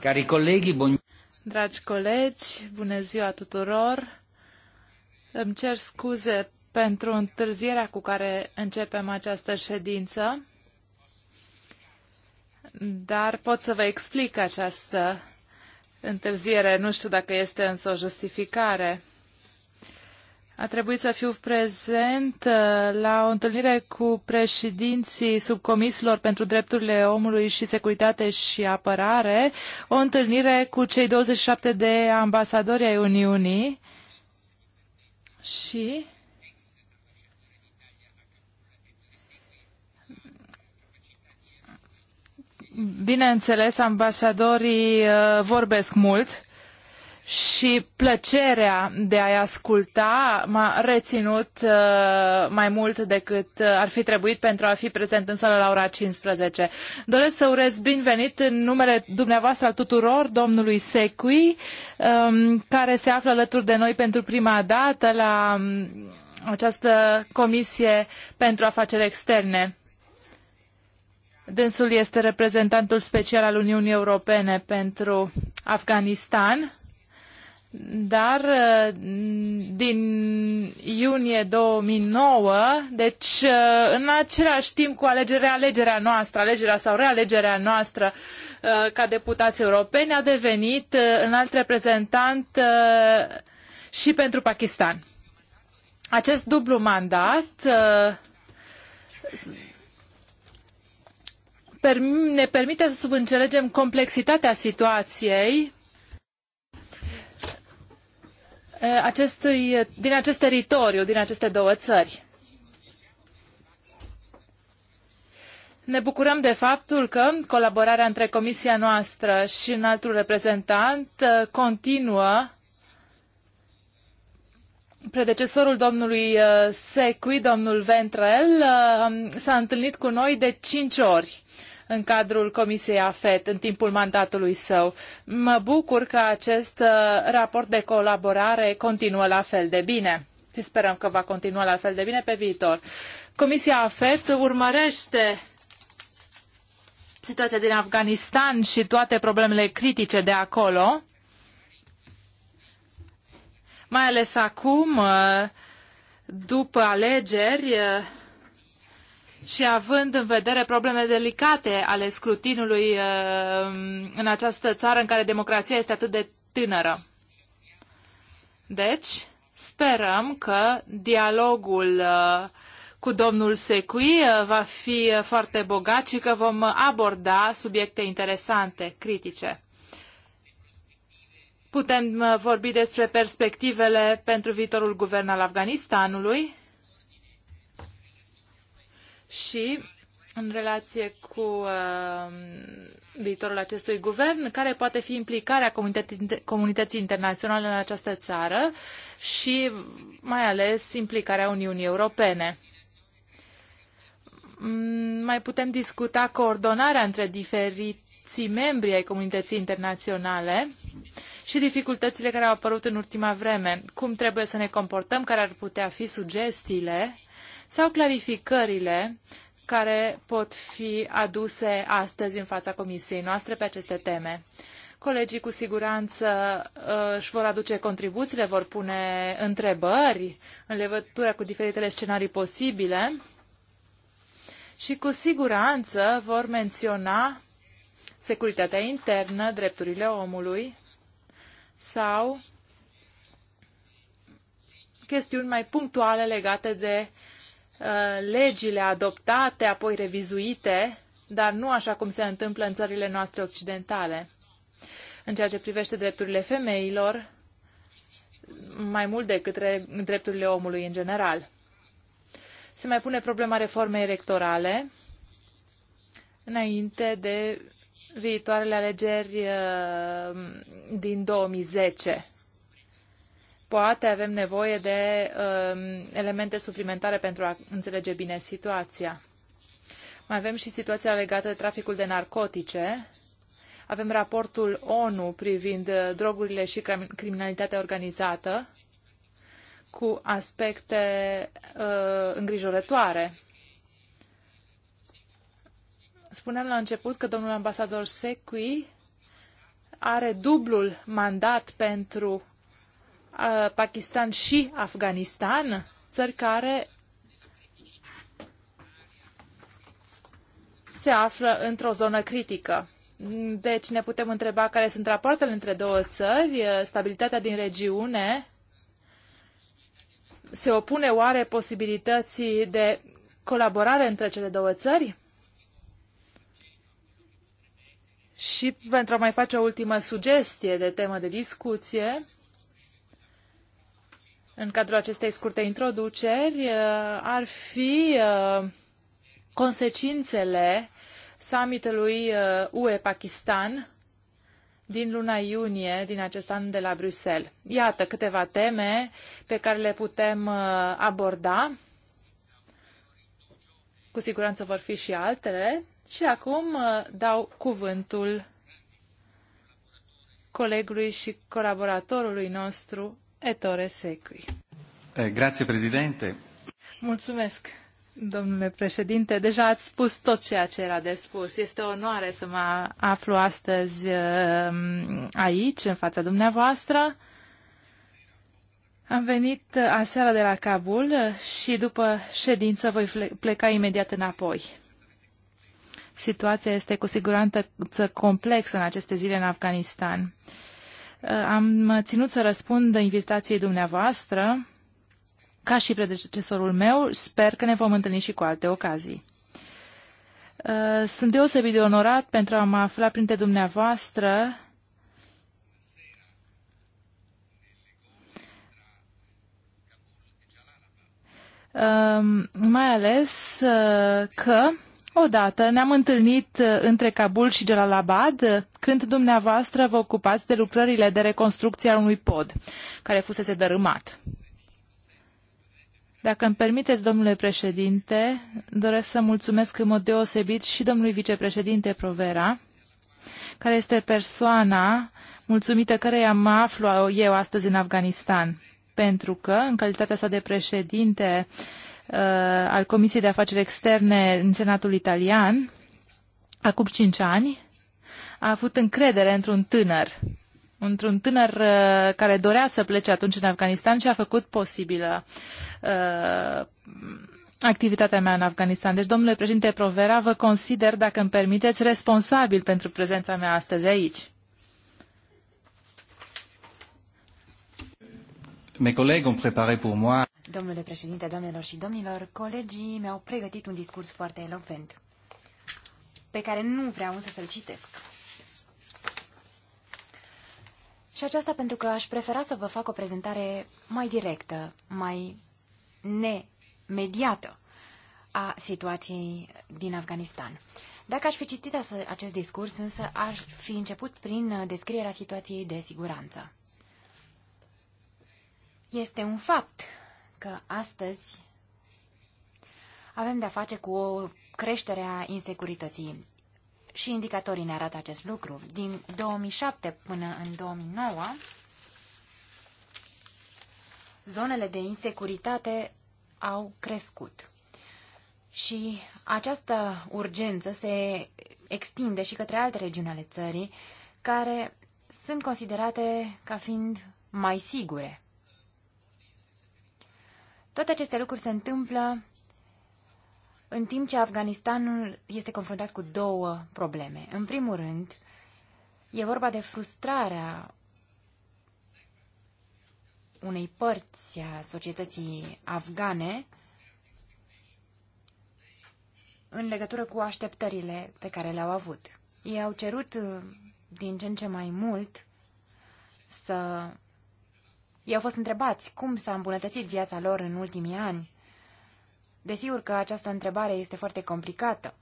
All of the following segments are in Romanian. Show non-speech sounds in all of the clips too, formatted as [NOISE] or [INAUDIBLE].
Cari colegi, bun... Dragi colegi, bună ziua tuturor! Îmi cer scuze pentru întârzierea cu care începem această ședință, dar pot să vă explic această întârziere. Nu știu dacă este însă o justificare. A trebuit să fiu prezent uh, la o întâlnire cu președinții subcomisilor pentru drepturile omului și securitate și apărare, o întâlnire cu cei 27 de ambasadori ai Uniunii și Bineînțeles, ambasadorii uh, vorbesc mult și plăcerea de a-i asculta m-a reținut uh, mai mult decât uh, ar fi trebuit pentru a fi prezent în sală la ora 15. Doresc să urez binevenit în numele dumneavoastră al tuturor domnului Secui, um, care se află alături de noi pentru prima dată la um, această comisie pentru afaceri externe. Dânsul este reprezentantul special al Uniunii Europene pentru Afganistan dar uh, din iunie 2009, deci uh, în același timp cu alegerea, alegerea noastră, alegerea sau realegerea noastră uh, ca deputați europeni, a devenit un alt reprezentant și pentru Pakistan. Acest dublu mandat ne permite să subînțelegem complexitatea situației Uh, acestui, din acest teritoriu, din aceste două țări. Ne bucurăm de faptul că colaborarea între comisia noastră și în altul reprezentant uh, continuă. Predecesorul domnului uh, Secui, domnul Ventrel, s-a întâlnit cu noi de cinci ori în cadrul Comisiei AFET în timpul mandatului său. Mă bucur că acest uh, raport de colaborare continuă la fel de bine și sperăm că va continua la fel de bine pe viitor. Comisia AFET urmărește situația din Afganistan și toate problemele critice de acolo, mai ales acum, uh, după alegeri, uh, și având în vedere probleme delicate ale scrutinului uh, în această țară în care democrația este atât de tânără. Deci, sperăm că dialogul uh, cu domnul Secui uh, va fi foarte bogat și că vom aborda subiecte interesante, critice. Putem vorbi despre perspectivele pentru viitorul guvern al Afganistanului, și în relație cu uh, viitorul acestui guvern, care poate fi implicarea comunității, internaționale în această țară și mai ales implicarea Uniunii Europene. Mm, mai putem discuta coordonarea între diferiții membri ai comunității internaționale și dificultățile care au apărut în ultima vreme. Cum trebuie să ne comportăm, care ar putea fi sugestiile sau clarificările care pot fi aduse astăzi în fața comisiei noastre pe aceste teme. Colegii cu siguranță uh, își vor aduce contribuțiile, vor pune întrebări în legătură cu diferitele scenarii posibile și cu siguranță vor menționa securitatea internă, drepturile omului sau chestiuni mai punctuale legate de legile adoptate, apoi revizuite, dar nu așa cum se întâmplă în țările noastre occidentale. În ceea ce privește drepturile femeilor, mai mult decât drepturile omului în general. Se mai pune problema reformei electorale înainte de viitoarele alegeri uh, din 2010 poate avem nevoie de uh, elemente suplimentare pentru a înțelege bine situația. Mai avem și situația legată de traficul de narcotice. Avem raportul ONU privind uh, drogurile și criminalitatea organizată cu aspecte uh, îngrijorătoare. Spuneam la început că domnul ambasador Secui are dublul mandat pentru Pakistan și Afganistan, țări care se află într-o zonă critică. Deci ne putem întreba care sunt rapoartele între două țări, stabilitatea din regiune se opune oare posibilității de colaborare între cele două țări? Și pentru a mai face o ultimă sugestie de temă de discuție, în cadrul acestei scurte introduceri uh, ar fi uh, consecințele summitului UE-Pakistan uh, din luna iunie din acest an de la Bruxelles. Iată câteva teme pe care le putem aborda. Cu siguranță vor fi și altele. Și acum dau cuvântul colegului și colaboratorului nostru, Ettore Secui. Eh, grazie, președinte. Mulțumesc, domnule președinte. Deja ați spus tot ceea ce era de spus. Este o onoare să mă aflu astăzi ehm, aici, în fața dumneavoastră. Am venit aseară de la Kabul și după ședință voi pleca imediat înapoi. Situația este cu siguranță complexă în aceste zile în Afganistan. Uh, Uh, am ținut să răspund invitației dumneavoastră, ca și predecesorul meu. Sper că ne vom întâlni și cu alte ocazii. Uh, sunt deosebit de onorat pentru a mă afla printre dumneavoastră uh, mai ales că Odată ne-am întâlnit uh, între Kabul și Jalalabad uh, când dumneavoastră vă ocupați de lucrările de reconstrucție a unui pod care fusese dărâmat. Dacă îmi permiteți, domnule președinte, doresc să mulțumesc în mod deosebit și domnului vicepreședinte Provera, care este persoana mulțumită căreia mă aflu eu astăzi în Afganistan, pentru că, în calitatea sa de președinte Uh, al Comisiei de Afaceri Externe în Senatul Italian, acum cinci ani, a avut încredere într-un tânăr, într-un tânăr uh, care dorea să plece atunci în Afganistan și a făcut posibilă uh, activitatea mea în Afganistan. Deci, domnule președinte Provera, vă consider, dacă îmi permiteți, responsabil pentru prezența mea astăzi aici. Mes collègues ont préparé pour moi Domnule președinte, doamnelor și domnilor, colegii mi-au pregătit un discurs foarte elocvent, pe care nu vreau însă să-l citesc. Și aceasta pentru că aș prefera să vă fac o prezentare mai directă, mai nemediată a situației din Afganistan. Dacă aș fi citit acest discurs, însă aș fi început prin descrierea situației de siguranță. Este un fapt că astăzi avem de-a face cu o creștere a insecurității. Și indicatorii ne arată acest lucru. Din 2007 până în 2009, zonele de insecuritate au crescut. Și această urgență se extinde și către alte regiuni ale țării, care sunt considerate ca fiind mai sigure. Toate aceste lucruri se întâmplă în timp ce Afganistanul este confruntat cu două probleme. În primul rând, e vorba de frustrarea unei părți a societății afgane în legătură cu așteptările pe care le-au avut. Ei au cerut uh, din ce în ce mai mult să ei au fost întrebați cum s-a îmbunătățit viața lor în ultimii ani. Desigur că această întrebare este foarte complicată.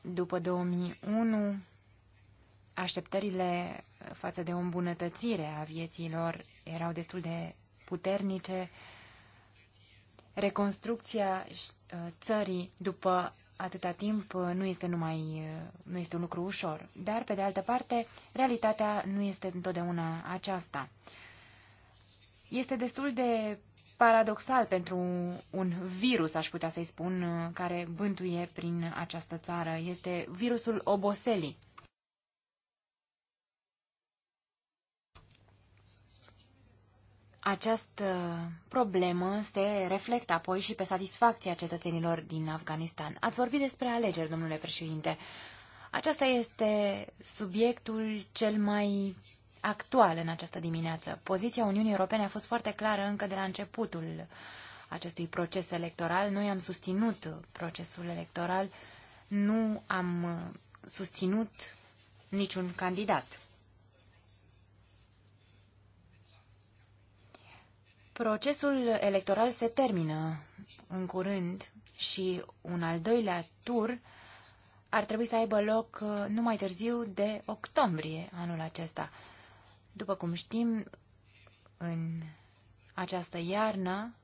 După 2001, așteptările față de o îmbunătățire a vieții lor erau destul de puternice. Reconstrucția ă, țării după atâta timp uh, nu este numai uh, nu este un lucru ușor, dar pe de altă parte realitatea nu este întotdeauna aceasta. Este destul de paradoxal pentru un virus, aș putea să-i spun, uh, care bântuie prin această țară. Este virusul oboselii. această problemă se reflectă apoi și pe satisfacția cetățenilor din Afganistan. Ați vorbit despre alegeri, domnule președinte. Aceasta este subiectul cel mai actual în această dimineață. Poziția Uniunii Europene a fost foarte clară încă de la începutul acestui proces electoral. Noi am susținut procesul electoral, nu am susținut niciun candidat. Procesul electoral se termină în curând și un al doilea tur ar trebui să aibă loc uh, nu mai târziu de octombrie anul acesta. După cum știm, în această iarnă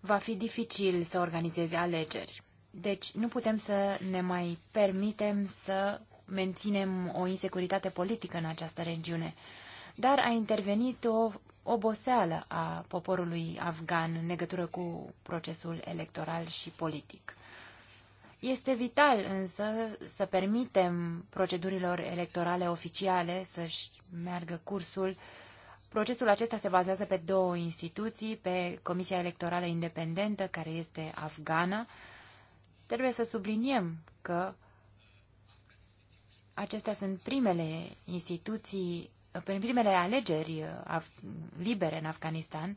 va fi dificil să organizeze alegeri. Deci nu putem să ne mai permitem să menținem o insecuritate politică în această regiune dar a intervenit o oboseală a poporului afgan în legătură cu procesul electoral și politic. Este vital însă să permitem procedurilor electorale oficiale să-și meargă cursul. Procesul acesta se bazează pe două instituții, pe Comisia Electorală Independentă, care este afgană. Trebuie să subliniem că acestea sunt primele instituții în primele alegeri uh, libere în Afganistan,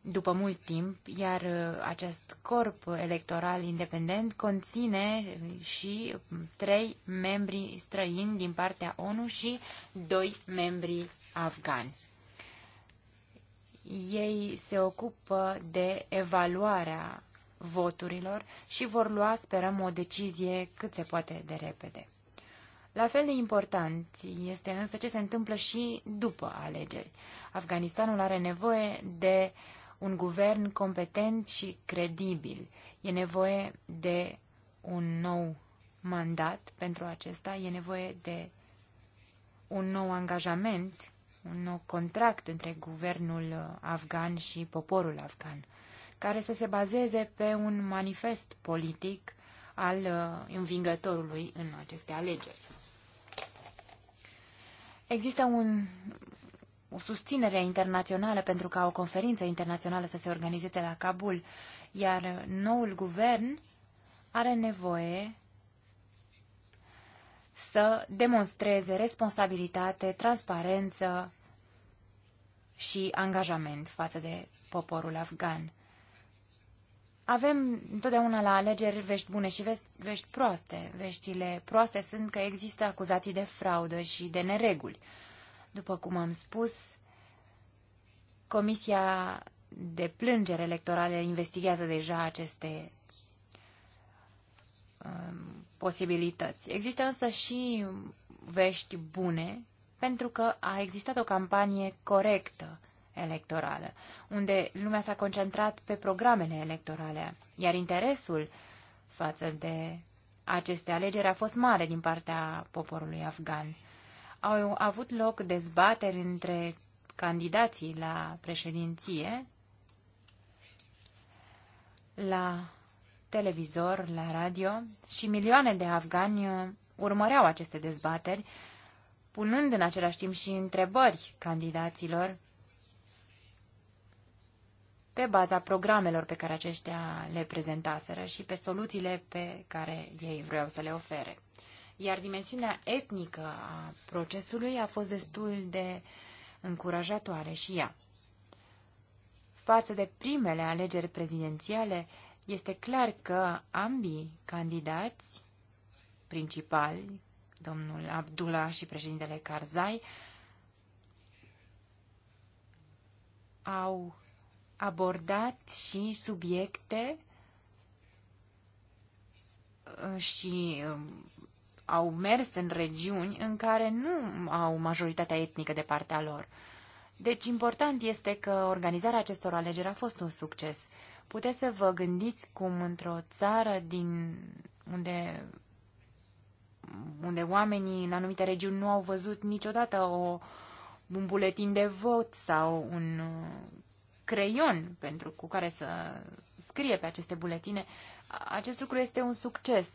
după mult timp, iar uh, acest corp electoral independent conține și trei membri străini din partea ONU și doi membri afgani. Ei se ocupă de evaluarea voturilor și vor lua, sperăm, o decizie cât se poate de repede. La fel de important este însă ce se întâmplă și după alegeri. Afganistanul are nevoie de un guvern competent și credibil. E nevoie de un nou mandat pentru acesta, e nevoie de un nou angajament, un nou contract între guvernul afgan și poporul afgan, care să se bazeze pe un manifest politic al învingătorului în aceste alegeri. Există un, o susținere internațională pentru ca o conferință internațională să se organizeze la Kabul, iar noul guvern are nevoie să demonstreze responsabilitate, transparență și angajament față de poporul afgan. Avem întotdeauna la alegeri vești bune și vești, vești proaste. Veștile proaste sunt că există acuzații de fraudă și de nereguli. După cum am spus, Comisia de plângere electorale investigează deja aceste um, posibilități. Există însă și vești bune, pentru că a existat o campanie corectă electorală, unde lumea s-a concentrat pe programele electorale, iar interesul față de aceste alegeri a fost mare din partea poporului afgan. Au avut loc dezbateri între candidații la președinție, la televizor, la radio și milioane de afgani urmăreau aceste dezbateri, punând în același timp și întrebări candidaților pe baza programelor pe care aceștia le prezentaseră și pe soluțiile pe care ei vreau să le ofere. Iar dimensiunea etnică a procesului a fost destul de încurajatoare și ea. Față de primele alegeri prezidențiale, este clar că ambii candidați principali, domnul Abdullah și președintele Karzai, au abordat și subiecte uh, și um, au mers în regiuni în care nu au majoritatea etnică de partea lor. Deci important este că organizarea acestor alegeri a fost un succes. Puteți să vă gândiți cum într-o țară din unde, unde oamenii în anumite regiuni nu au văzut niciodată o, un buletin de vot sau un uh, creion pentru cu care să scrie pe aceste buletine, acest lucru este un succes.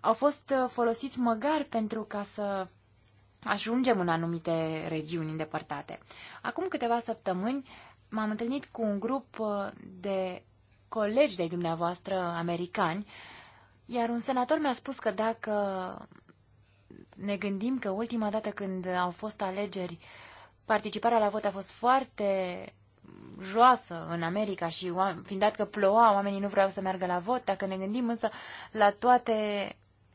Au fost uh, folosiți măgar pentru ca să ajungem în anumite regiuni îndepărtate. Acum câteva săptămâni m-am întâlnit cu un grup uh, de colegi de dumneavoastră americani iar un senator mi-a spus că dacă ne gândim că ultima dată când au fost alegeri, participarea la vot a fost foarte joasă în America și fiind dat că ploua, oamenii nu vreau să meargă la vot. Dacă ne gândim însă la toate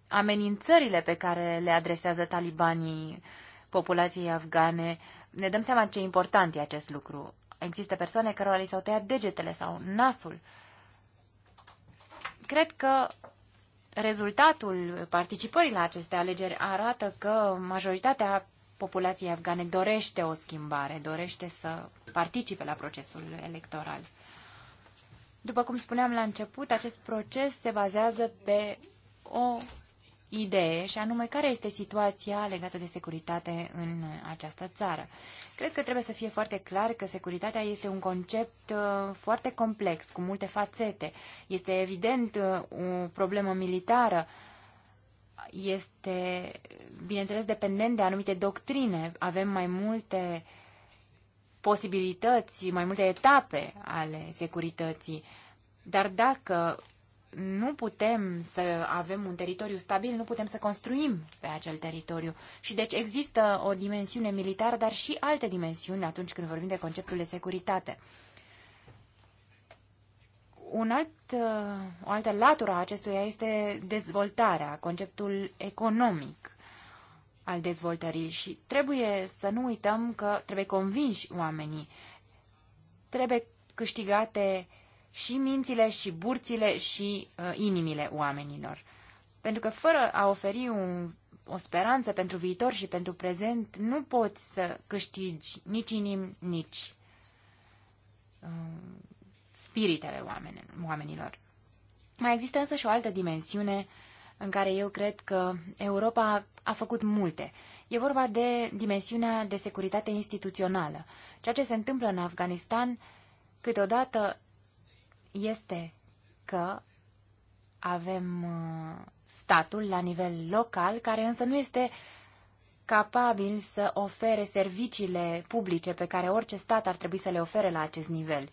amenințările pe care le adresează talibanii populației afgane, ne dăm seama ce important e acest lucru. Există persoane care li s-au tăiat degetele sau nasul. Cred că rezultatul participării la aceste alegeri arată că majoritatea populației afgane dorește o schimbare, dorește să participe la procesul electoral. După cum spuneam la început, acest proces se bazează pe o idee, și anume care este situația legată de securitate în această țară. Cred că trebuie să fie foarte clar că securitatea este un concept uh, foarte complex, cu multe fațete. Este evident uh, o problemă militară, este, bineînțeles, dependent de anumite doctrine. Avem mai multe posibilități, mai multe etape ale securității. Dar dacă nu putem să avem un teritoriu stabil, nu putem să construim pe acel teritoriu. Și deci există o dimensiune militară, dar și alte dimensiuni atunci când vorbim de conceptul de securitate. Un alt, o altă latură a acestuia este dezvoltarea, conceptul economic al dezvoltării și trebuie să nu uităm că trebuie convinși oamenii, trebuie câștigate uh, și mințile și burțile și uh, inimile oamenilor. Pentru că fără a oferi un, o speranță pentru viitor și pentru prezent, nu poți să câștigi nici inim, nici uh, spiritele oameni, oamenilor. Mai există însă și o altă dimensiune în care eu cred că Europa a făcut multe. E vorba de dimensiunea de securitate instituțională. Ceea ce se întâmplă în Afganistan câteodată este că avem uh, statul la nivel local, care însă nu este capabil să ofere serviciile publice pe care orice stat ar trebui să le ofere la acest nivel,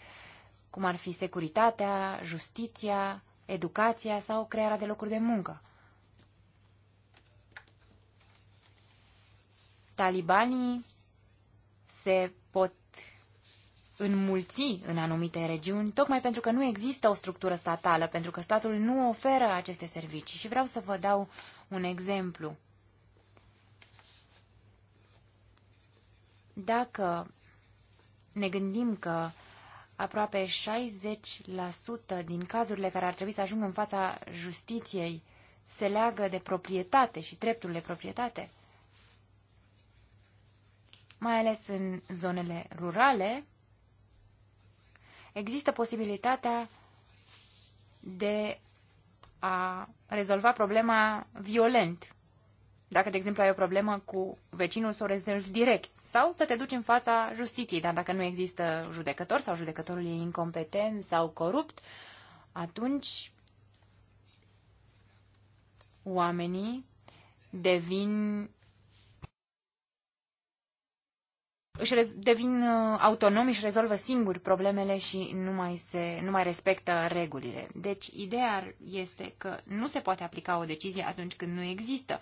cum ar fi securitatea, justiția, educația sau crearea de locuri de muncă. Talibanii se înmulți în anumite regiuni, tocmai pentru că nu există o structură statală, pentru că statul nu oferă aceste servicii. Și vreau să vă dau un exemplu. Dacă ne gândim că aproape 60% din cazurile care ar trebui să ajungă în fața justiției se leagă de proprietate și dreptul de proprietate, mai ales în zonele rurale, există posibilitatea de a rezolva problema violent. Dacă, de exemplu, ai o problemă cu vecinul, să o rezolvi direct. Sau să te duci în fața justiției, dar dacă nu există judecător sau judecătorul e incompetent sau corupt, atunci oamenii devin își devin uh, autonomi, și rezolvă singuri problemele și nu mai, se, nu mai respectă regulile. Deci, ideea este că nu se poate aplica o decizie atunci când nu există.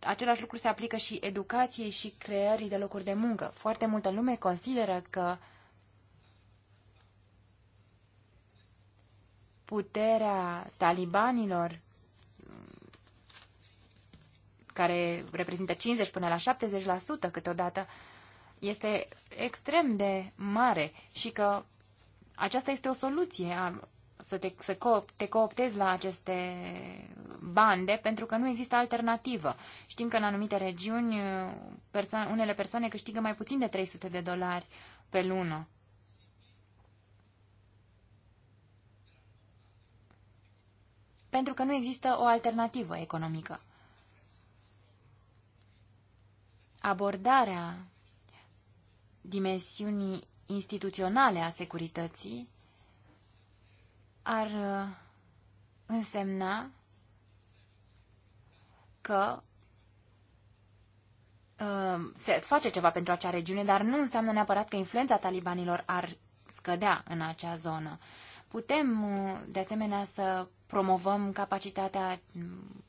Același lucru se aplică și educației și creării de locuri de muncă. Foarte multă lume consideră că puterea talibanilor care reprezintă 50 până la 70% câteodată, uh, este extrem de mare și că aceasta este o soluție a, să, te, să co- te cooptezi la aceste bande pentru că nu există alternativă. Știm că în anumite regiuni perso- unele persoane câștigă mai puțin de 300 de dolari pe lună. Pentru că nu există o alternativă economică. Abordarea dimensiunii instituționale a securității ar uh, însemna că uh, se face ceva pentru acea regiune, dar nu înseamnă neapărat că influența talibanilor ar scădea în acea zonă. Putem, uh, de asemenea, să promovăm capacitatea mm,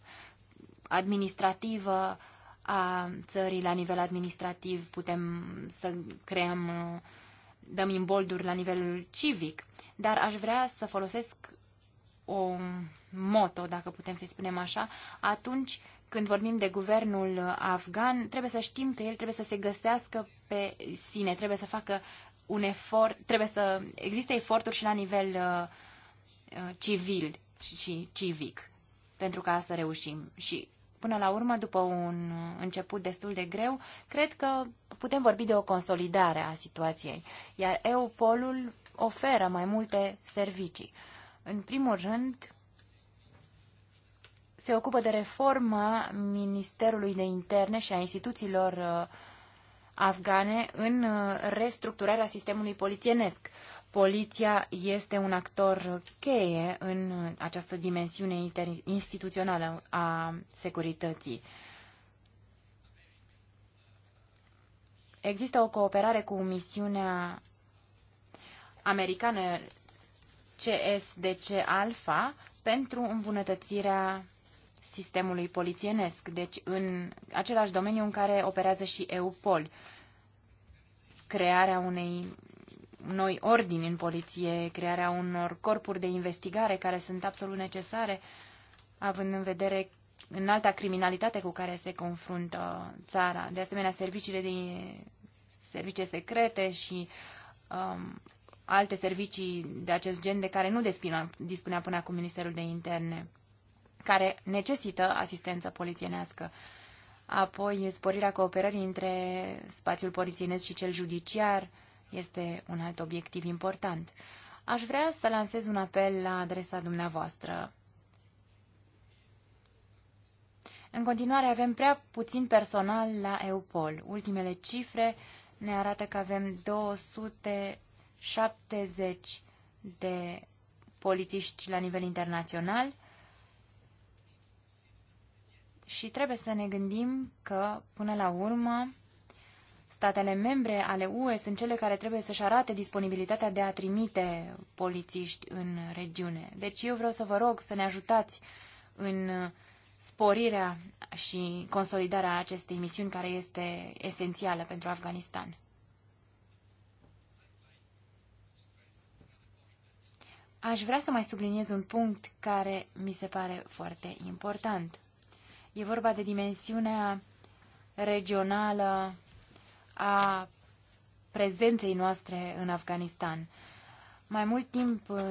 administrativă a țării la nivel administrativ, putem să creăm, dăm imbolduri la nivelul civic, dar aș vrea să folosesc o moto, dacă putem să-i spunem așa, atunci când vorbim de guvernul afgan, trebuie să știm că el trebuie să se găsească pe sine, trebuie să facă un efort, trebuie să existe eforturi și la nivel uh, uh civil și, și civic pentru ca să reușim. Și până la urmă, după un început destul de greu, cred că putem vorbi de o consolidare a situației, iar EUPOL-ul oferă mai multe servicii. În primul rând, se ocupă de reforma Ministerului de Interne și a instituțiilor uh, afgane în uh, restructurarea sistemului polițienesc poliția este un actor cheie în această dimensiune instituțională a securității. Există o cooperare cu misiunea americană CSDC Alpha pentru îmbunătățirea sistemului polițienesc, deci în același domeniu în care operează și EUPOL, crearea unei noi ordini în poliție, crearea unor corpuri de investigare care sunt absolut necesare, având în vedere înalta criminalitate cu care se confruntă țara. De asemenea, serviciile de servicii secrete și um, alte servicii de acest gen de care nu despina, dispunea până acum Ministerul de Interne, care necesită asistență polițienească. Apoi, sporirea cooperării între spațiul polițienesc și cel judiciar, este un alt obiectiv important. Aș vrea să lansez un apel la adresa dumneavoastră. În continuare avem prea puțin personal la EUPOL. Ultimele cifre ne arată că avem 270 de polițiști la nivel internațional și trebuie să ne gândim că, până la urmă, Statele membre ale UE sunt cele care trebuie să-și arate disponibilitatea de a trimite polițiști în regiune. Deci eu vreau să vă rog să ne ajutați în sporirea și consolidarea acestei misiuni care este esențială pentru Afganistan. Aș vrea să mai subliniez un punct care mi se pare foarte important. E vorba de dimensiunea regională a prezenței noastre în Afganistan. Mai mult timp uh,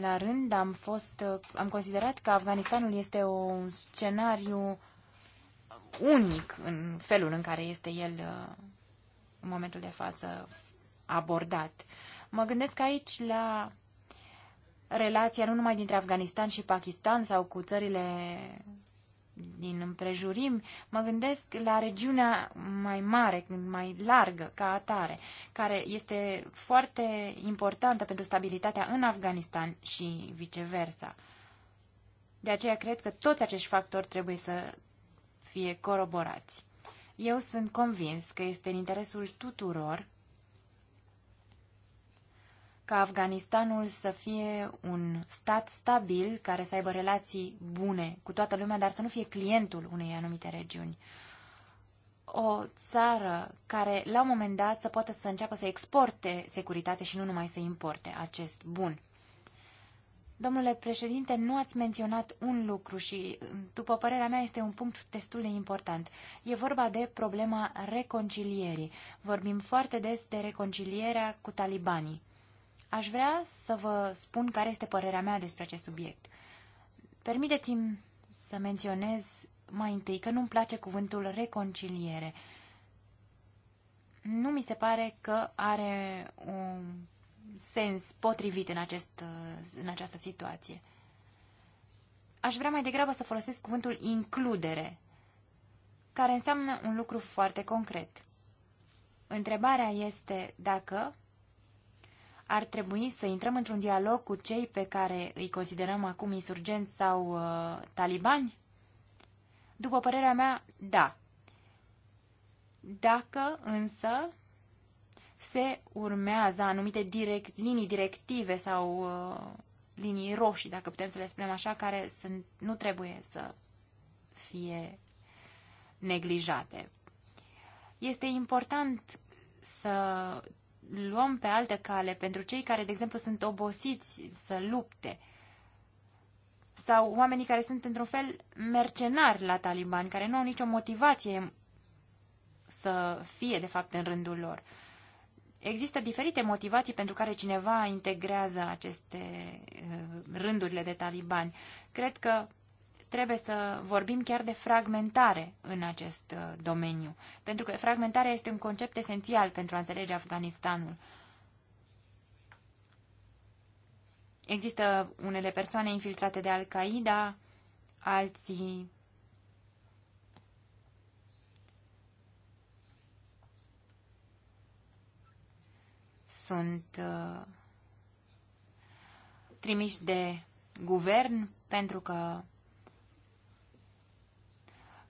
la rând am fost, uh, am considerat că Afganistanul este un scenariu unic în felul în care este el uh, în momentul de față abordat. Mă gândesc aici la relația nu numai dintre Afganistan și Pakistan sau cu țările din împrejurim, mă gândesc la regiunea mai mare, mai largă ca atare, care este foarte importantă pentru stabilitatea în Afganistan și viceversa. De aceea cred că toți acești factori trebuie să fie coroborați. Eu sunt convins că este în interesul tuturor ca Afganistanul să fie un stat stabil, care să aibă relații bune cu toată lumea, dar să nu fie clientul unei anumite regiuni. O țară care, la un moment dat, să poată să înceapă să exporte securitate și nu numai să importe acest bun. Domnule președinte, nu ați menționat un lucru și, după părerea mea, este un punct destul de important. E vorba de problema reconcilierii. Vorbim foarte des de reconcilierea cu talibanii. Aș vrea să vă spun care este părerea mea despre acest subiect. Permiteți-mi să menționez mai întâi că nu-mi place cuvântul reconciliere. Nu mi se pare că are un sens potrivit în, acest, în această situație. Aș vrea mai degrabă să folosesc cuvântul includere, care înseamnă un lucru foarte concret. Întrebarea este dacă ar trebui să intrăm într-un dialog cu cei pe care îi considerăm acum insurgenți sau uh, talibani? După părerea mea, da. Dacă însă se urmează anumite direct, linii directive sau uh, linii roșii, dacă putem să le spunem așa, care sunt, nu trebuie să fie neglijate. Este important să luăm pe altă cale pentru cei care, de exemplu, sunt obosiți să lupte sau oamenii care sunt într-un fel mercenari la talibani, care nu au nicio motivație să fie, de fapt, în rândul lor. Există diferite motivații pentru care cineva integrează aceste uh, rândurile de talibani. Cred că trebuie să vorbim chiar de fragmentare în acest uh, domeniu. Pentru că fragmentarea este un concept esențial pentru a înțelege Afganistanul. Există unele persoane infiltrate de Al-Qaeda, alții sunt uh, trimiși de guvern pentru că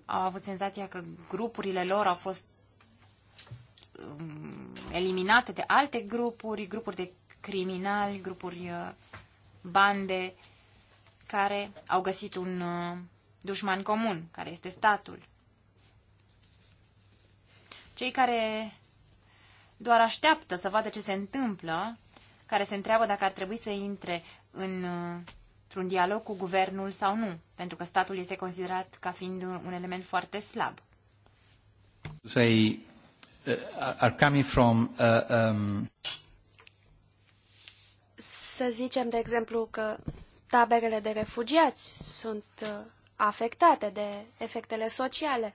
au avut senzația că grupurile lor au fost um, eliminate de alte grupuri, grupuri de criminali, grupuri uh, bande care au găsit un uh, dușman comun, care este statul. Cei care doar așteaptă să vadă ce se întâmplă, care se întreabă dacă ar trebui să intre în uh, într-un dialog cu guvernul sau nu, pentru că statul este considerat ca fiind un element foarte slab. Say, uh, are coming from, uh, um... Să zicem, de exemplu, că taberele de refugiați sunt uh, afectate de efectele sociale.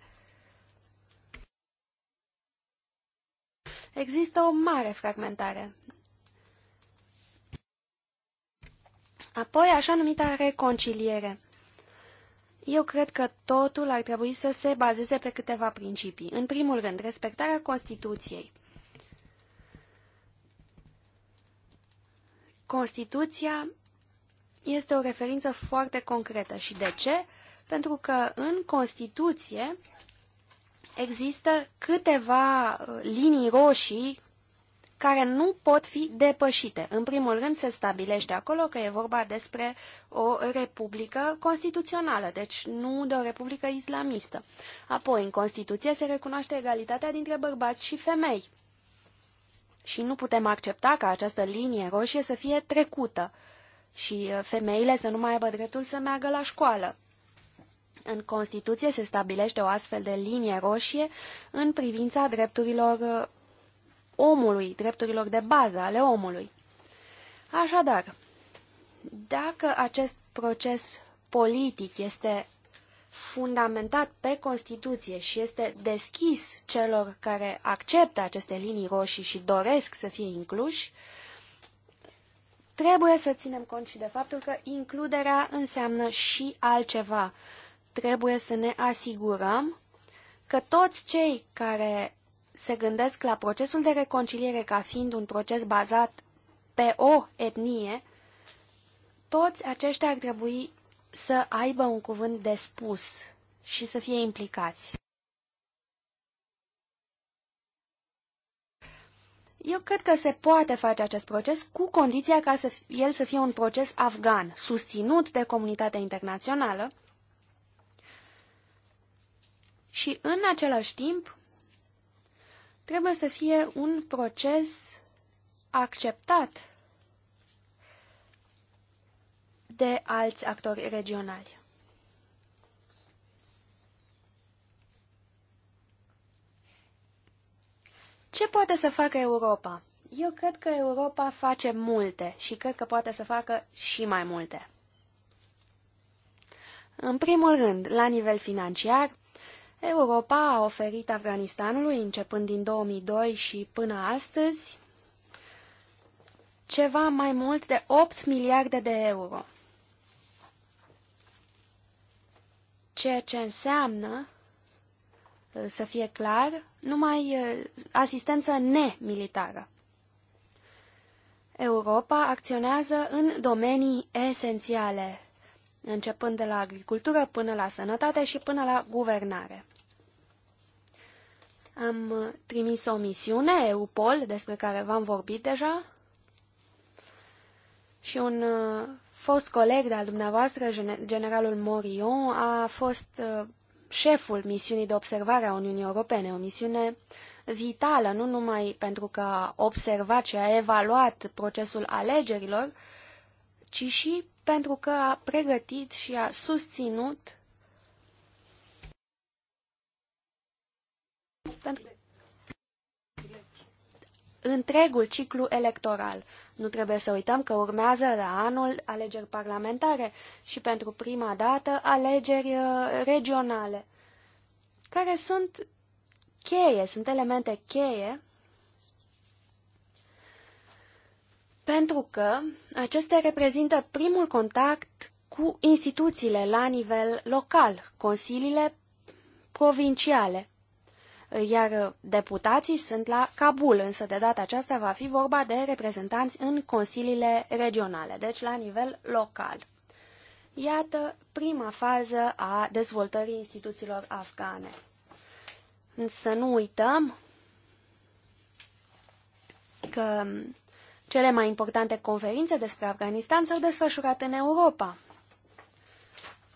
Există o mare fragmentare Apoi, așa numita reconciliere. Eu cred că totul ar trebui să se bazeze pe câteva principii. În primul rând, respectarea Constituției. Constituția este o referință foarte concretă. Și de ce? Pentru că în Constituție există câteva uh, linii roșii care nu pot fi depășite. În primul rând se stabilește acolo că e vorba despre o republică constituțională, deci nu de o republică islamistă. Apoi, în Constituție se recunoaște egalitatea dintre bărbați și femei. Și nu putem accepta ca această linie roșie să fie trecută și uh, femeile să nu mai aibă dreptul să meargă la școală. În Constituție se stabilește o astfel de linie roșie în privința drepturilor uh, omului, drepturilor de bază ale omului. Așadar, dacă acest proces politic este fundamentat pe Constituție și este deschis celor care acceptă aceste linii roșii și doresc să fie incluși, trebuie să ținem cont și de faptul că includerea înseamnă și altceva. Trebuie să ne asigurăm că toți cei care se gândesc la procesul de reconciliere ca fiind un proces bazat pe o etnie, toți aceștia ar trebui să aibă un cuvânt de spus și să fie implicați. Eu cred că se poate face acest proces cu condiția ca să, el să fie un proces afgan, susținut de comunitatea internațională și în același timp trebuie să fie un proces acceptat de alți actori regionali. Ce poate să facă Europa? Eu cred că Europa face multe și cred că poate să facă și mai multe. În primul rând, la nivel financiar, Europa a oferit Afganistanului, începând din 2002 și până astăzi, ceva mai mult de 8 miliarde de euro. Ceea ce înseamnă, uh, să fie clar, numai uh, asistență nemilitară. Europa acționează în domenii esențiale, începând de la agricultură până la sănătate și până la guvernare. Am uh, trimis o misiune, EUPOL, despre care v-am vorbit deja, și un uh, fost coleg de-al dumneavoastră, generalul Morion, a fost uh, șeful misiunii de observare a Uniunii Europene, o misiune vitală, nu numai pentru că a observat și a evaluat procesul alegerilor, ci și pentru că a pregătit și a susținut întregul ciclu electoral. Nu trebuie să uităm că urmează la anul alegeri parlamentare și pentru prima dată alegeri uh, regionale, care sunt cheie, sunt elemente cheie pentru că acestea reprezintă primul contact cu instituțiile la nivel local, consiliile provinciale iar deputații sunt la Kabul, însă de data aceasta va fi vorba de reprezentanți în consiliile regionale, deci la nivel local. Iată prima fază a dezvoltării instituțiilor afgane. Să nu uităm că cele mai importante conferințe despre Afganistan s-au desfășurat în Europa.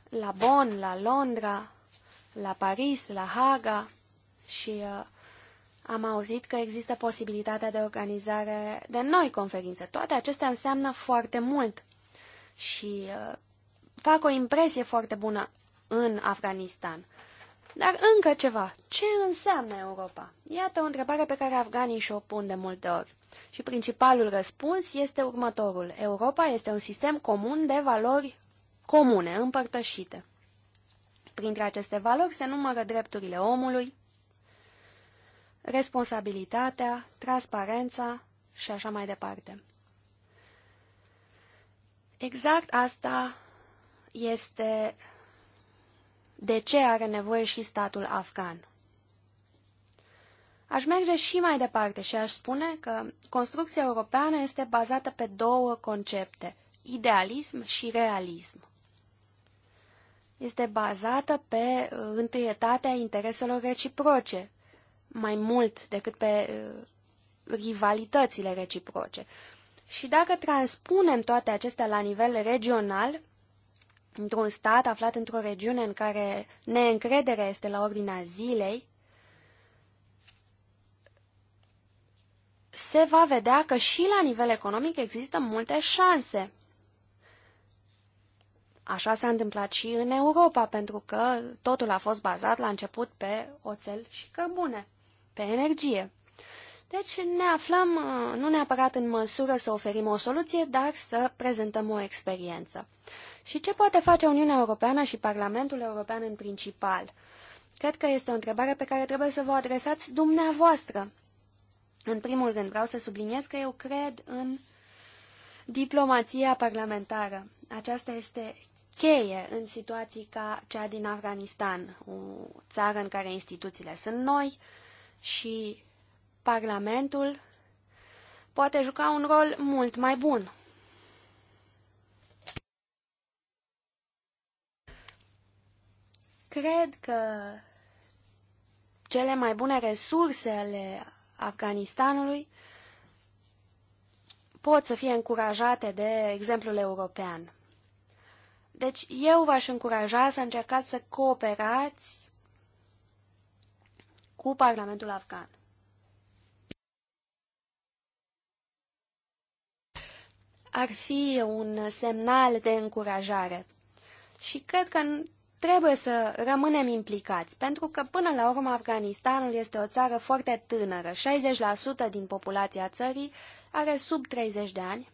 La Bonn, la Londra, la Paris, la Haga, și uh, am auzit că există posibilitatea de organizare de noi conferințe. Toate acestea înseamnă foarte mult și uh, fac o impresie foarte bună în Afganistan. Dar încă ceva. Ce înseamnă Europa? Iată o întrebare pe care afganii și-o pun de multe ori. Și principalul răspuns este următorul. Europa este un sistem comun de valori comune, împărtășite. Printre aceste valori se numără drepturile omului, responsabilitatea, transparența și așa mai departe. Exact asta este de ce are nevoie și statul afgan. Aș merge și mai departe și aș spune că construcția europeană este bazată pe două concepte, idealism și realism. Este bazată pe uh, întâietatea intereselor reciproce, mai mult decât pe uh, rivalitățile reciproce. Și dacă transpunem toate acestea la nivel regional, într-un stat aflat într-o regiune în care neîncrederea este la ordinea zilei, se va vedea că și la nivel economic există multe șanse. Așa s-a întâmplat și în Europa, pentru că totul a fost bazat la început pe oțel și cărbune pe energie. Deci ne aflăm uh, nu neapărat în măsură să oferim o soluție, dar să prezentăm o experiență. Și ce poate face Uniunea Europeană și Parlamentul European în principal? Cred că este o întrebare pe care trebuie să vă adresați dumneavoastră. În primul rând, vreau să subliniez că eu cred în diplomația parlamentară. Aceasta este cheie în situații ca cea din Afganistan, o țară în care instituțiile sunt noi, și Parlamentul poate juca un rol mult mai bun. Cred că cele mai bune resurse ale Afganistanului pot să fie încurajate de exemplul european. Deci eu v-aș încuraja să încercați să cooperați cu Parlamentul afgan. Ar fi un semnal de încurajare și cred că trebuie să rămânem implicați, pentru că până la urmă Afganistanul este o țară foarte tânără, 60% din populația țării are sub 30 de ani.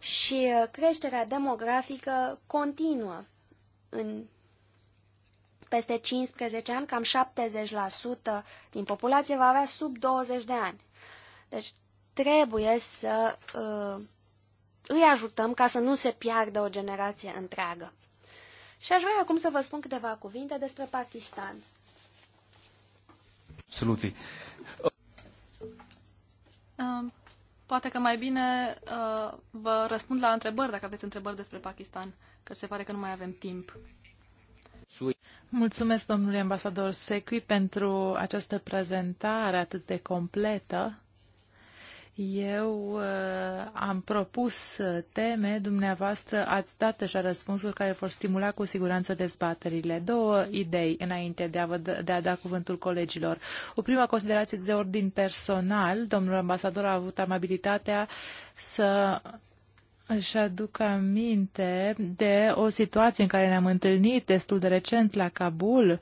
Și uh, creșterea demografică continuă în peste 15 ani, cam 70% din populație va avea sub 20 de ani. Deci trebuie să uh, îi ajutăm ca să nu se piardă o generație întreagă. Și aș vrea acum să vă spun câteva cuvinte despre Pakistan. Absolut. Uh, um, Poate că mai bine uh, vă răspund la întrebări, dacă aveți întrebări despre Pakistan, că se pare că nu mai avem timp. Mulțumesc, domnului ambasador Secui, pentru această prezentare atât de completă. Eu uh, am propus uh, teme, dumneavoastră ați dat deja răspunsul care vor stimula cu siguranță dezbaterile. Două idei înainte de a, vă, de a da cuvântul colegilor. O prima considerație de ordin personal. Domnul ambasador a avut amabilitatea să își aduc aminte de o situație în care ne-am întâlnit destul de recent la Kabul,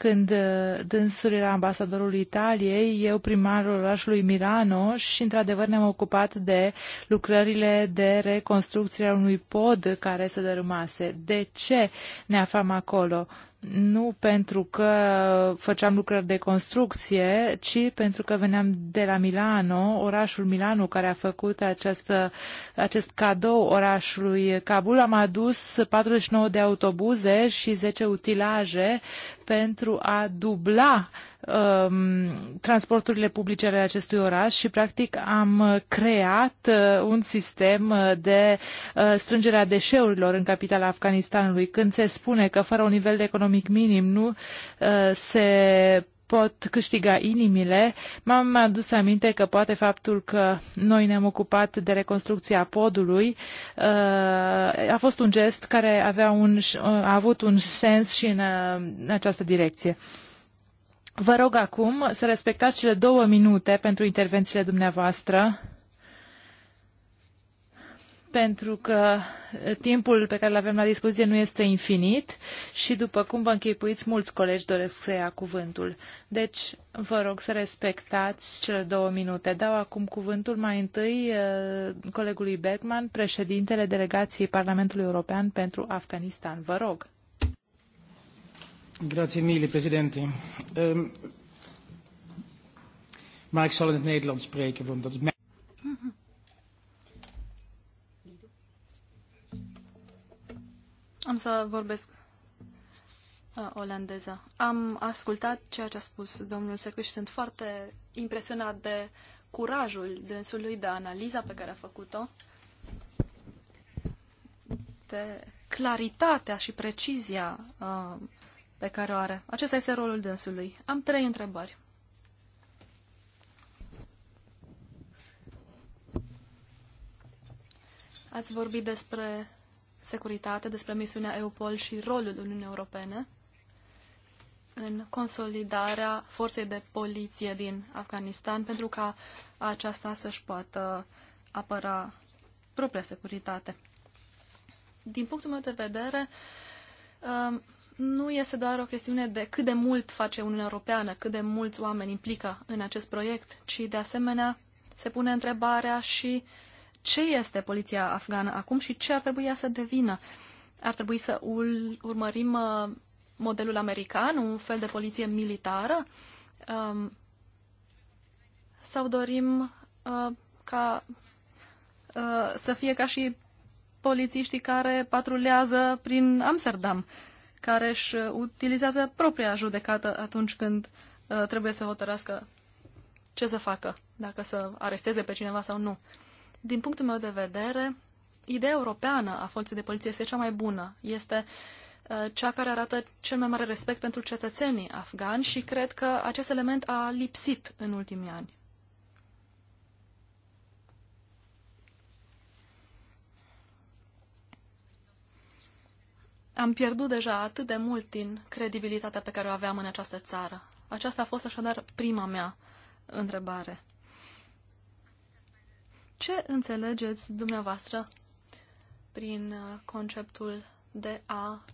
când uh, dânsul era ambasadorul Italiei, eu primarul orașului Milano și într-adevăr ne-am ocupat de lucrările de reconstrucție a unui pod care se dărâmase. De ce ne aflam acolo? nu pentru că făceam lucrări de construcție, ci pentru că veneam de la Milano, orașul Milano care a făcut această, acest cadou orașului Kabul. Am adus 49 de autobuze și 10 utilaje pentru a dubla um, transporturile publice ale acestui oraș și practic am creat uh, un sistem uh, de uh, strângere a deșeurilor în capitala Afganistanului. Când se spune că fără un nivel de economic minim nu uh, se pot câștiga inimile. M-am adus aminte că poate faptul că noi ne-am ocupat de reconstrucția podului uh, a fost un gest care avea un, uh, a avut un sens și uh, în această direcție. Vă rog acum să respectați cele două minute pentru intervențiile dumneavoastră pentru că uh, timpul pe care îl avem la discuție nu este infinit și, după cum vă închipuiți, mulți colegi doresc să ia cuvântul. Deci, vă rog să respectați cele două minute. Dau acum cuvântul mai întâi uh, colegului Bergman, președintele delegației Parlamentului European pentru Afganistan. Vă rog. Grazie mille, presidente. Um, ehm, maar ik zal in het Nederlands spreken, want dat is mijn... Am să vorbesc uh, olandeză. Am ascultat ceea ce a spus domnul Secu și sunt foarte impresionat de curajul dânsului, de analiza pe care a făcut-o, de claritatea și precizia uh, pe care o are. Acesta este rolul dânsului. Am trei întrebări. Ați vorbit despre securitate, despre misiunea EUPOL și rolul Uniunii Europene în consolidarea forței de poliție din Afganistan pentru ca aceasta să-și poată apăra propria securitate. Din punctul meu de vedere, um, nu este doar o chestiune de cât de mult face Uniunea Europeană, cât de mulți oameni implică în acest proiect, ci de asemenea se pune întrebarea și uh, ce este poliția afgană acum și ce ar trebui ea să devină. Ar trebui să urmărim uh, modelul american, un fel de poliție militară? Um, sau dorim uh, ca uh, să fie ca și polițiștii care patrulează prin Amsterdam, care își utilizează propria judecată atunci când trebuie să hotărească ce să facă, dacă să aresteze pe cineva sau nu. Din punctul meu de vedere, ideea europeană a forței de poliție este cea mai bună. Este uh, cea care arată cel mai mare respect pentru cetățenii afgani și cred că acest element a lipsit în ultimii ani. Am pierdut deja atât de mult din credibilitatea pe care o aveam în această țară. Aceasta a fost așadar prima mea întrebare. Ce înțelegeți dumneavoastră prin uh, conceptul de a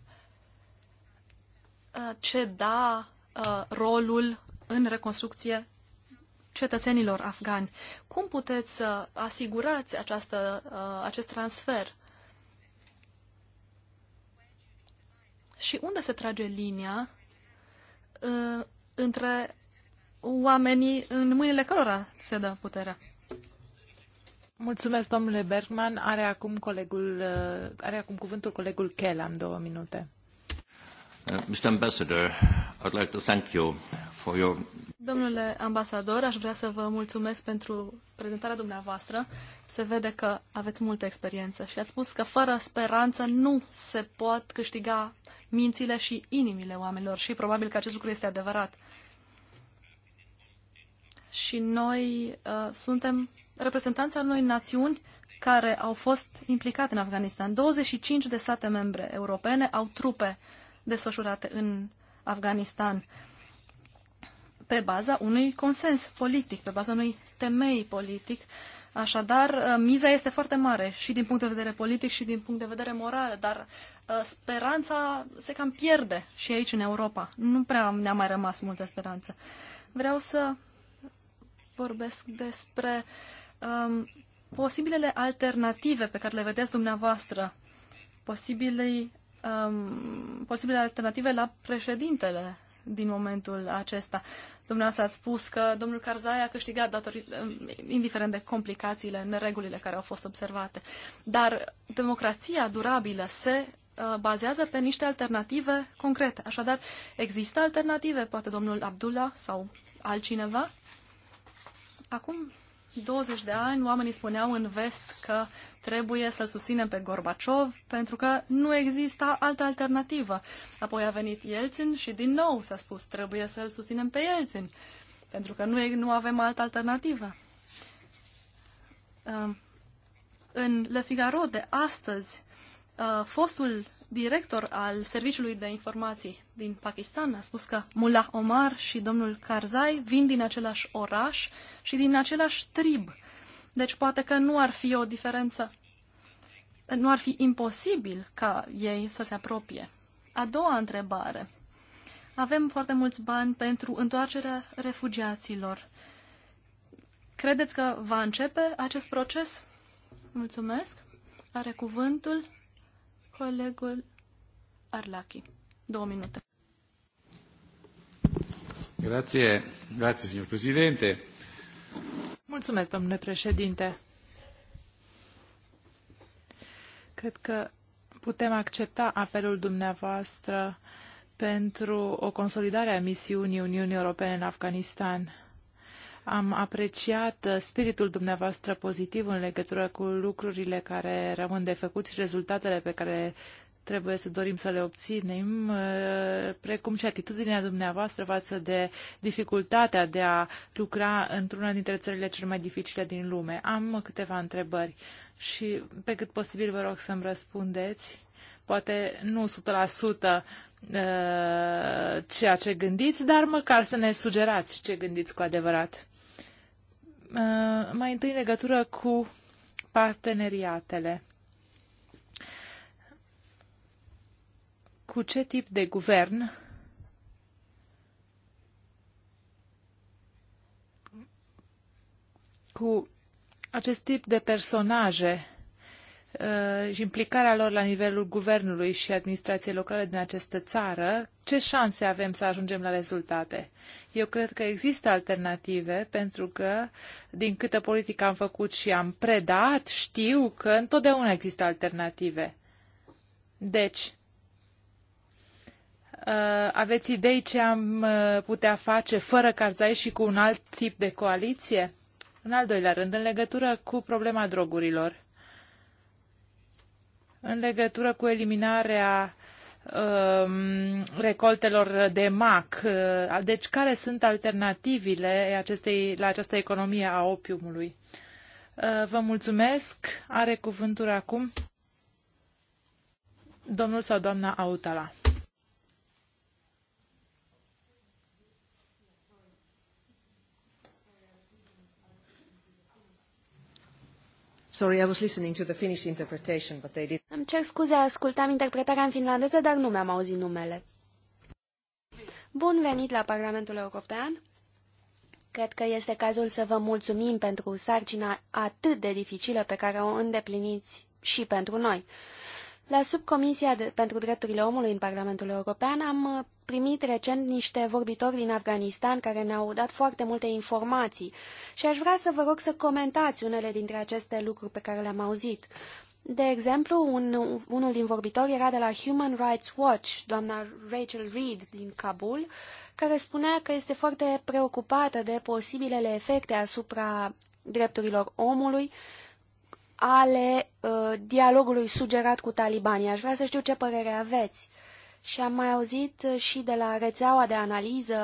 uh, ceda uh, rolul în reconstrucție cetățenilor afgani? Cum puteți să asigurați această, acest transfer? Și unde se trage linia între oamenii în mâinile cărora se dă puterea? Mulțumesc, domnule Bergman. Are acum, colegul, uh, are acum cuvântul colegul Kelam, două minute. Uh, Mr. Ambassador, I'd like to thank you for your... Domnule ambasador, aș vrea să vă mulțumesc pentru prezentarea dumneavoastră. Se vede că aveți multă experiență și ați spus că fără speranță nu se pot câștiga mințile și inimile oamenilor și probabil că acest lucru este adevărat. Și noi uh, suntem reprezentanța unei națiuni care au fost implicate în Afganistan. 25 de state membre europene au trupe desfășurate în Afganistan pe baza unui consens politic, pe baza unui temei politic. Așadar, uh, miza este foarte mare și din punct de vedere politic și din punct de vedere moral, dar uh, speranța se cam pierde și aici în Europa. Nu prea ne-a mai rămas multă speranță. Vreau să vorbesc despre uh, um, posibilele alternative pe care le vedeți dumneavoastră, posibilei, um, posibile alternative la președintele din momentul acesta. Dumneavoastră ați spus că domnul Carzai a câștigat datori, indiferent de complicațiile, neregulile care au fost observate. Dar democrația durabilă se uh, bazează pe niște alternative concrete. Așadar, există alternative, poate domnul Abdullah sau altcineva? Acum 20 de ani oamenii spuneau în vest că trebuie să susținem pe Gorbaciov pentru că nu exista altă alternativă. Apoi a venit Yeltsin și din nou s-a spus trebuie să-l susținem pe Yeltsin pentru că nu, nu avem altă alternativă. În Le Figaro de astăzi, uh, fostul director al Serviciului de Informații din Pakistan a spus că Mullah Omar și domnul Karzai vin din același oraș și din același trib. Deci poate că nu ar fi o diferență, nu ar fi imposibil ca ei să se apropie. A doua întrebare. Avem foarte mulți bani pentru întoarcerea refugiaților. Credeți că va începe acest proces? Mulțumesc. Are cuvântul Colegul Arlachi. Două minute. Grazie, grazie, signor Presidente. Mulțumesc, domnule președinte. Cred că putem accepta apelul dumneavoastră pentru o consolidare a misiunii Uniunii Europene în Afganistan. Am apreciat uh, spiritul dumneavoastră pozitiv în legătură cu lucrurile care rămân de făcut și rezultatele pe care trebuie să dorim să le obținem, uh, precum și atitudinea dumneavoastră față de dificultatea de a lucra într-una dintre țările cele mai dificile din lume. Am câteva întrebări și pe cât posibil vă rog să-mi răspundeți. Poate nu 100% uh, ceea ce gândiți, dar măcar să ne sugerați ce gândiți cu adevărat. Uh, mai întâi în legătură cu parteneriatele. Cu ce tip de guvern cu acest tip de personaje Uh, și implicarea lor la nivelul guvernului și administrației locale din această țară, ce șanse avem să ajungem la rezultate? Eu cred că există alternative, pentru că, din câtă politică am făcut și am predat, știu că întotdeauna există alternative. Deci, uh, aveți idei ce am uh, putea face fără Carzai și cu un alt tip de coaliție? În al doilea rând, în legătură cu problema drogurilor în legătură cu eliminarea um, recoltelor de mac. Uh, deci, care sunt alternativile acestei, la această economie a opiumului? Uh, vă mulțumesc. Are cuvântul acum domnul sau doamna Autala. Sorry, I was listening to the Finnish interpretation, but they Îmi cer scuze, ascultam interpretarea în finlandeză, dar nu mi-am auzit numele. Bun venit la Parlamentul European. Cred că este cazul să vă mulțumim pentru sarcina atât de dificilă pe care o îndepliniți și pentru noi. La subcomisia de, pentru drepturile omului în Parlamentul European am uh, primit recent niște vorbitori din Afganistan care ne-au dat foarte multe informații și aș vrea să vă rog să comentați unele dintre aceste lucruri pe care le-am auzit. De exemplu, un, unul din vorbitori era de la Human Rights Watch, doamna Rachel Reed din Kabul, care spunea că este foarte preocupată de posibilele efecte asupra drepturilor omului uh, ale uh, dialogului sugerat cu talibanii. Aș vrea să știu ce părere aveți. Și am mai auzit uh, și de la rețeaua de analiză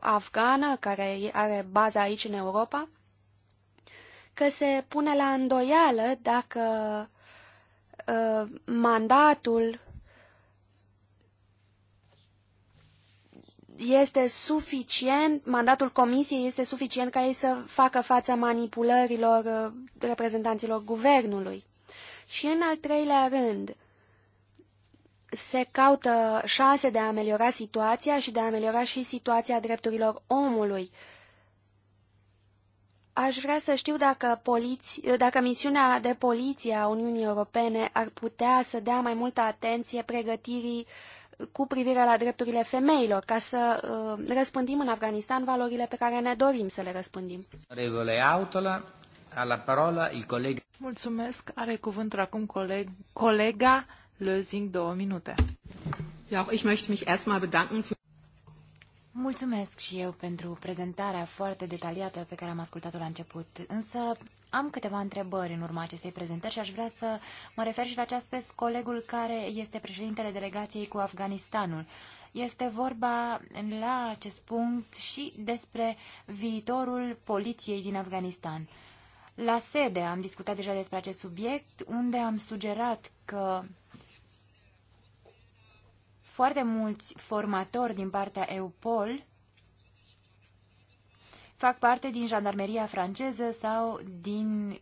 afgană, care are baza aici în Europa, că se pune la îndoială dacă uh, mandatul este suficient, mandatul comisiei este suficient ca ei să facă fața manipulărilor uh, reprezentanților guvernului. Și în al treilea rând, se caută șanse de a ameliora situația și de a ameliora și situația drepturilor omului. Aș vrea să știu dacă, poliți, dacă misiunea de poliție a Uniunii Europene ar putea să dea mai multă atenție pregătirii uh, cu privire la drepturile femeilor, ca să uh, răspândim în Afganistan valorile pe care ne dorim să le răspândim. la parola, coleg... Mulțumesc. Are cuvântul acum coleg, colega Lözing, două minute. Ja, ich möchte mich erstmal bedanken für Mulțumesc și eu pentru prezentarea foarte detaliată pe care am ascultat-o la început, însă am câteva întrebări în urma acestei prezentări și aș vrea să mă refer și la ce a colegul care este președintele delegației cu Afganistanul. Este vorba la acest punct și despre viitorul poliției din Afganistan. La sede am discutat deja despre acest subiect, unde am sugerat că foarte mulți formatori din partea EUPOL fac parte din jandarmeria franceză sau din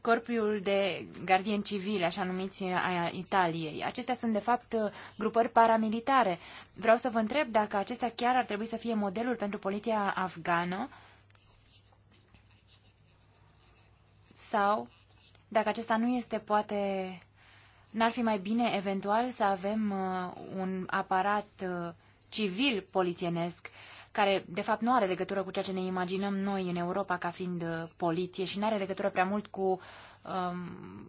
corpul de gardieni civili, așa numiți a Italiei. Acestea sunt, de fapt, grupări paramilitare. Vreau să vă întreb dacă acestea chiar ar trebui să fie modelul pentru poliția afgană sau dacă acesta nu este, poate, N-ar fi mai bine, eventual, să avem uh, un aparat uh, civil polițienesc care de fapt nu are legătură cu ceea ce ne imaginăm noi în Europa ca fiind uh, poliție și nu are legătură prea mult cu um,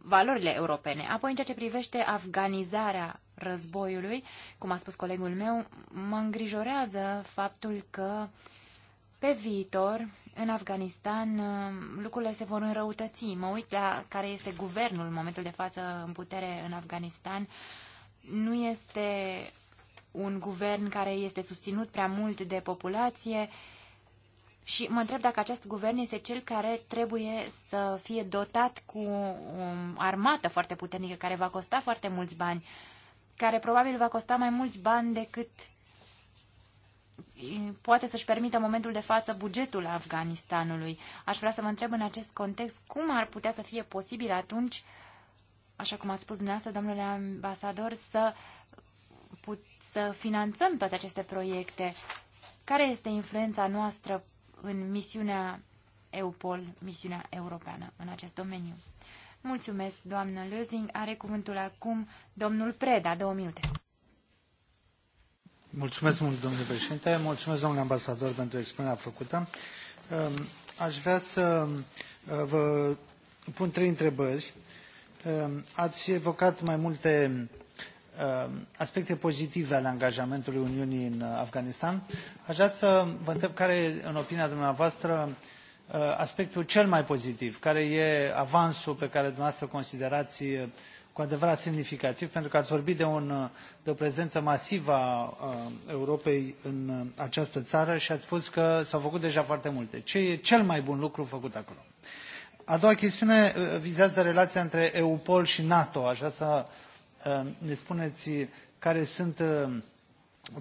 valorile europene. Apoi, în ceea ce privește afganizarea războiului, cum a spus colegul meu, mă îngrijorează faptul că pe viitor în Afganistan uh, lucrurile se vor înrăutăți. Mă uit la care este guvernul în momentul de față în putere în Afganistan. Nu este un guvern care este susținut prea mult de populație și mă întreb dacă acest guvern este cel care trebuie să fie dotat cu o armată foarte puternică, care va costa foarte mulți bani, care probabil va costa mai mulți bani decât poate să-și permită în momentul de față bugetul Afganistanului. Aș vrea să vă întreb în acest context cum ar putea să fie posibil atunci, așa cum ați spus dumneavoastră, domnule ambasador, să, put, să finanțăm toate aceste proiecte. Care este influența noastră în misiunea EUPOL, misiunea europeană în acest domeniu? Mulțumesc, doamnă Lözing. Are cuvântul acum domnul Preda, două minute. Mulțumesc mult, domnule președinte. Mulțumesc, domnule ambasador, pentru expunerea făcută. Ehm, aș vrea să ehm, vă pun trei întrebări. Ehm, ați evocat mai multe aspecte pozitive ale angajamentului Uniunii în Afganistan. Aș vrea să vă întreb care, în opinia dumneavoastră, aspectul cel mai pozitiv, care e avansul pe care dumneavoastră considerați cu adevărat semnificativ, pentru că ați vorbit de, un, de o prezență masivă a Europei în această țară și ați spus că s-au făcut deja foarte multe. Ce e cel mai bun lucru făcut acolo? A doua chestiune uh, vizează relația între EUPOL și NATO. așa vrea să uh, ne spuneți care sunt uh,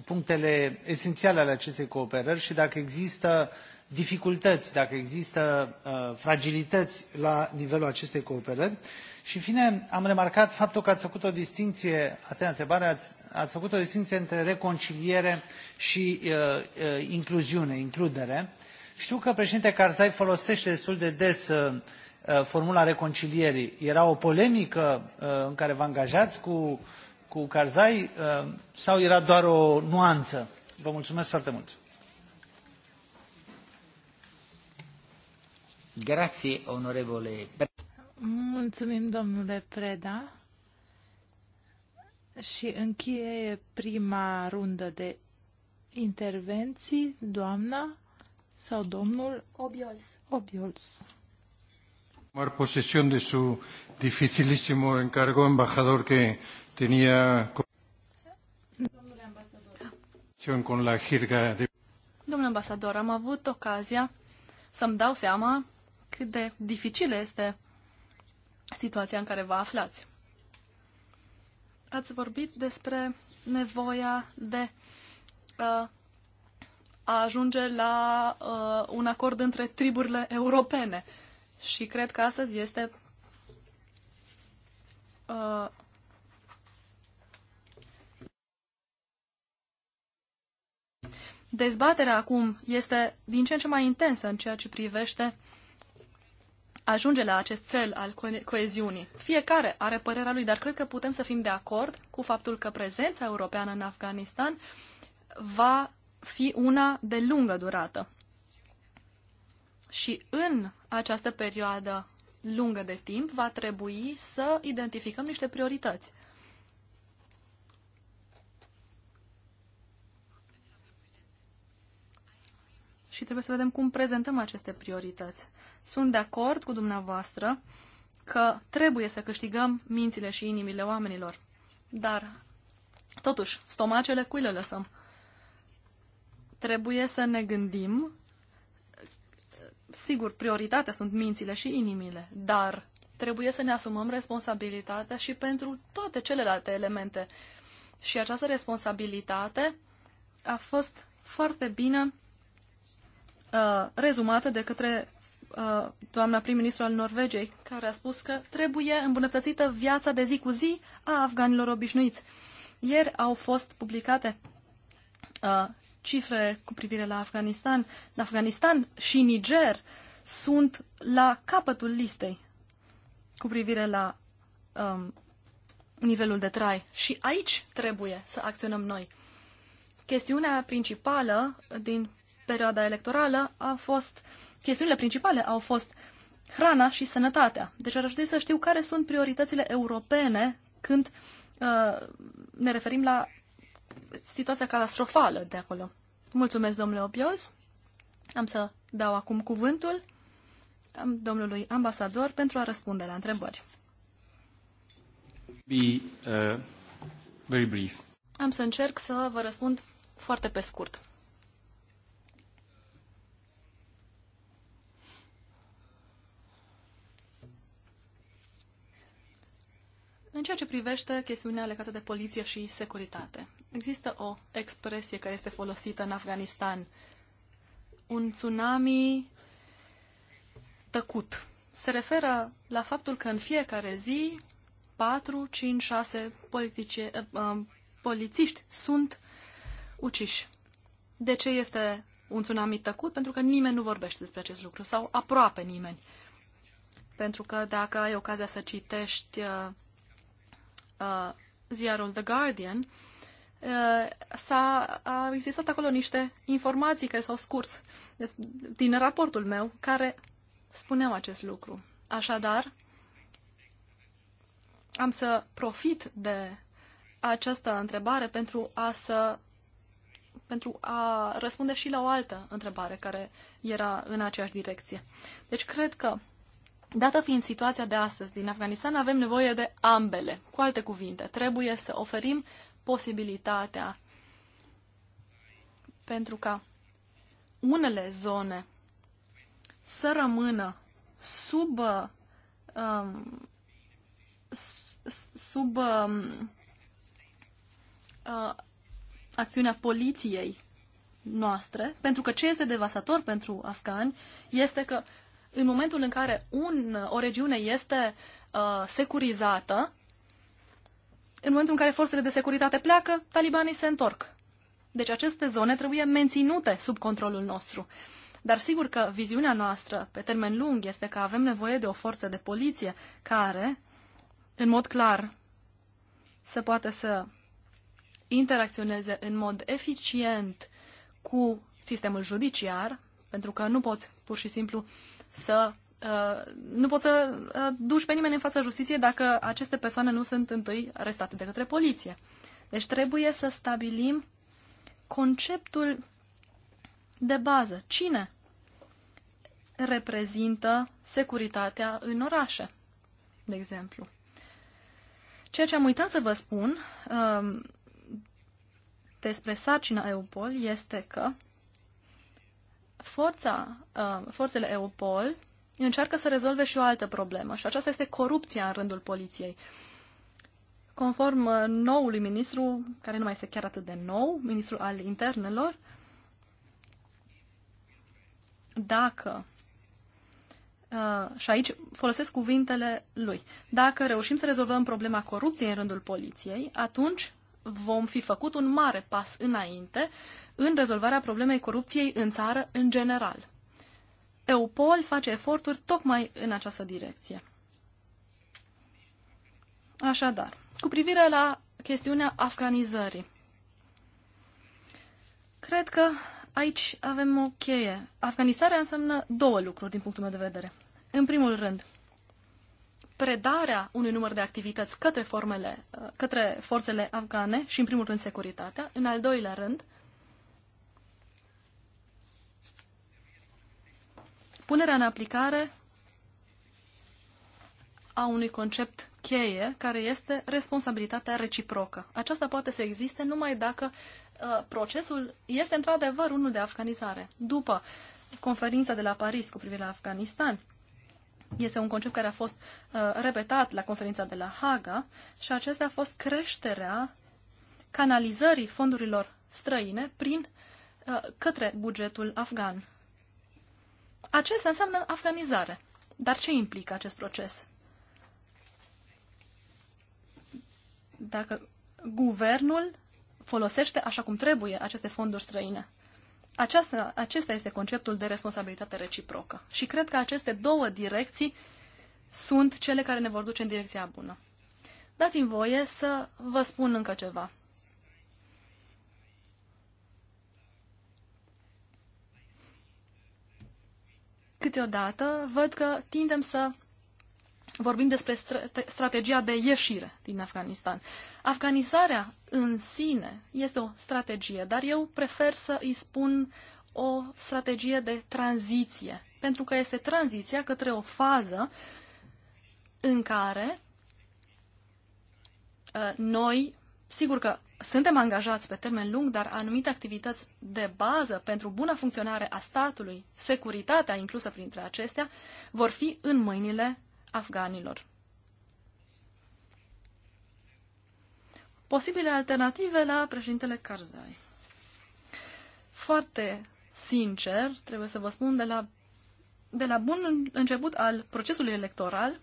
punctele esențiale ale acestei cooperări și dacă există dificultăți, dacă există fragilități la nivelul acestei cooperări. Și în fine, am remarcat faptul că ați făcut o distinție, atent întrebare, ați, ați făcut o distinție între reconciliere și uh, uh, incluziune, includere. Știu că președinte Karzai folosește destul de des uh, uh, formula reconcilierii. Era o polemică uh, în care vă angajați cu, cu Karzai uh, sau era doar o nuanță? Vă mulțumesc foarte mult. Grazie, onorevole. Mulțumim, domnule Preda. Și încheie prima rundă de intervenții, doamna sau domnul Obiols. Obiols. Tomar posesión de su dificilísimo encargo embajador que tenía con la jirga de... Domnule ambasador, am avut ocazia să-mi dau seama cât de dificil este situația în care vă aflați. Ați vorbit despre nevoia de uh, a ajunge la uh, un acord între triburile europene. Și cred că astăzi este uh, Dezbaterea acum este din ce în ce mai intensă în ceea ce privește uh, ajunge la acest cel al coeziunii. Fiecare are părerea lui, dar cred că putem să fim de acord cu faptul că prezența europeană în Afganistan va fi una de lungă durată. Și în această perioadă lungă de timp va trebui să identificăm niște priorități. și trebuie să vedem cum prezentăm aceste priorități. Sunt de acord cu dumneavoastră că trebuie să câștigăm mințile și inimile oamenilor, dar totuși, stomacele cui le lăsăm? Trebuie să ne gândim, sigur, prioritatea sunt mințile și inimile, dar trebuie să ne asumăm responsabilitatea și pentru toate celelalte elemente. Și această responsabilitate a fost foarte bine Uh, rezumată de către uh, doamna prim-ministru al Norvegiei, care a spus că trebuie îmbunătățită viața de zi cu zi a afganilor obișnuiți. Ieri au fost publicate uh, cifre cu privire la Afganistan. În Afganistan și Niger sunt la capătul listei cu privire la um, nivelul de trai. Și aici trebuie să acționăm noi. Chestiunea principală din perioada electorală a fost, chestiunile principale au fost hrana și sănătatea. Deci ar trebui să știu care sunt prioritățile europene când uh, ne referim la situația catastrofală de acolo. Mulțumesc, domnule Obios. Am să dau acum cuvântul domnului ambasador pentru a răspunde la întrebări. Be, uh, very brief. Am să încerc să vă răspund foarte pe scurt. În ceea ce privește chestiunea legată de poliție și securitate, există o expresie care este folosită în Afganistan. Un tsunami tăcut. Se referă la faptul că în fiecare zi 4, 5, 6 politice, uh, polițiști sunt uciși. De ce este un tsunami tăcut? Pentru că nimeni nu vorbește despre acest lucru sau aproape nimeni. Pentru că dacă ai ocazia să citești uh, uh, ziarul The Guardian, uh, s-a, a existat acolo niște informații care s-au scurs din raportul meu care spuneau acest lucru. Așadar, am să profit de această întrebare pentru a să pentru a răspunde și la o altă întrebare care era în aceeași direcție. Deci cred că Dată fiind situația de astăzi din Afganistan, avem nevoie de ambele. Cu alte cuvinte, trebuie să oferim posibilitatea pentru ca unele zone să rămână sub um, sub um, uh, acțiunea poliției noastre, pentru că ce este devastator pentru afgani este că în momentul în care un, o regiune este uh, securizată, în momentul în care forțele de securitate pleacă, talibanii se întorc. Deci aceste zone trebuie menținute sub controlul nostru. Dar sigur că viziunea noastră pe termen lung este că avem nevoie de o forță de poliție care, în mod clar, se poate să interacționeze în mod eficient cu sistemul judiciar, pentru că nu poți pur și simplu să Uh, nu poți să uh, duci pe nimeni în fața justiției dacă aceste persoane nu sunt întâi arestate de către poliție. Deci trebuie să stabilim conceptul de bază. Cine reprezintă securitatea în orașe, de exemplu. Ceea ce am uitat să vă spun uh, despre sarcina EUPOL este că forța, uh, forțele Europol încearcă să rezolve și o altă problemă, și aceasta este corupția în rândul poliției. Conform uh, noului ministru, care nu mai este chiar atât de nou, ministrul al internelor, dacă Uh, și aici folosesc cuvintele lui. Dacă reușim să rezolvăm problema corupției în rândul poliției, atunci vom fi făcut un mare pas înainte în rezolvarea problemei corupției în țară în general. EUPOL face eforturi tocmai în această direcție. Așadar, cu privire la chestiunea afganizării, cred că aici avem o cheie. Afganistarea înseamnă două lucruri din punctul meu de vedere. În primul rând, predarea unui număr de activități către, formele, uh, către forțele afgane și, în primul rând, securitatea. În al doilea rând, punerea în aplicare a unui concept cheie, care este responsabilitatea reciprocă. Aceasta poate să existe numai dacă uh, procesul este într-adevăr unul de afganizare. După conferința de la Paris cu privire la Afganistan, este un concept care a fost uh, repetat la conferința de la Haga și acesta a fost creșterea canalizării fondurilor străine prin uh, către bugetul afgan. Acesta înseamnă afganizare. Dar ce implică acest proces? Dacă guvernul folosește așa cum trebuie aceste fonduri străine. Aceasta, acesta este conceptul de responsabilitate reciprocă. Și cred că aceste două direcții sunt cele care ne vor duce în direcția bună. Dați-mi voie să vă spun încă ceva. Câteodată văd că tindem să vorbim despre strategia de ieșire din Afganistan. Afganizarea în sine este o strategie, dar eu prefer să îi spun o strategie de tranziție, pentru că este tranziția către o fază în care uh, noi, sigur că suntem angajați pe termen lung, dar anumite activități de bază pentru buna funcționare a statului, securitatea inclusă printre acestea, vor fi în mâinile afganilor. Posibile alternative la președintele Karzai. Foarte sincer, trebuie să vă spun, de la, de la bun început al procesului electoral,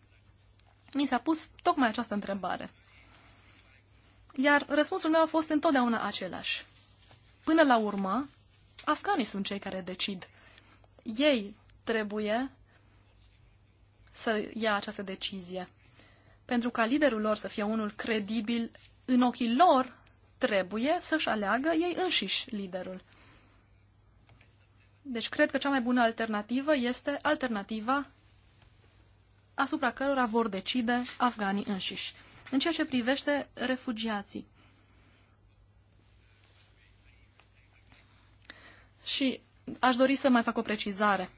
mi s-a pus tocmai această întrebare. Iar răspunsul meu a fost întotdeauna același. Până la urmă, afganii sunt cei care decid. Ei trebuie să ia această decizie. Pentru ca liderul lor să fie unul credibil, în ochii lor trebuie să-și aleagă ei înșiși liderul. Deci cred că cea mai bună alternativă este alternativa asupra cărora vor decide afganii înșiși. În ceea ce privește refugiații. Și aș dori să mai fac o precizare.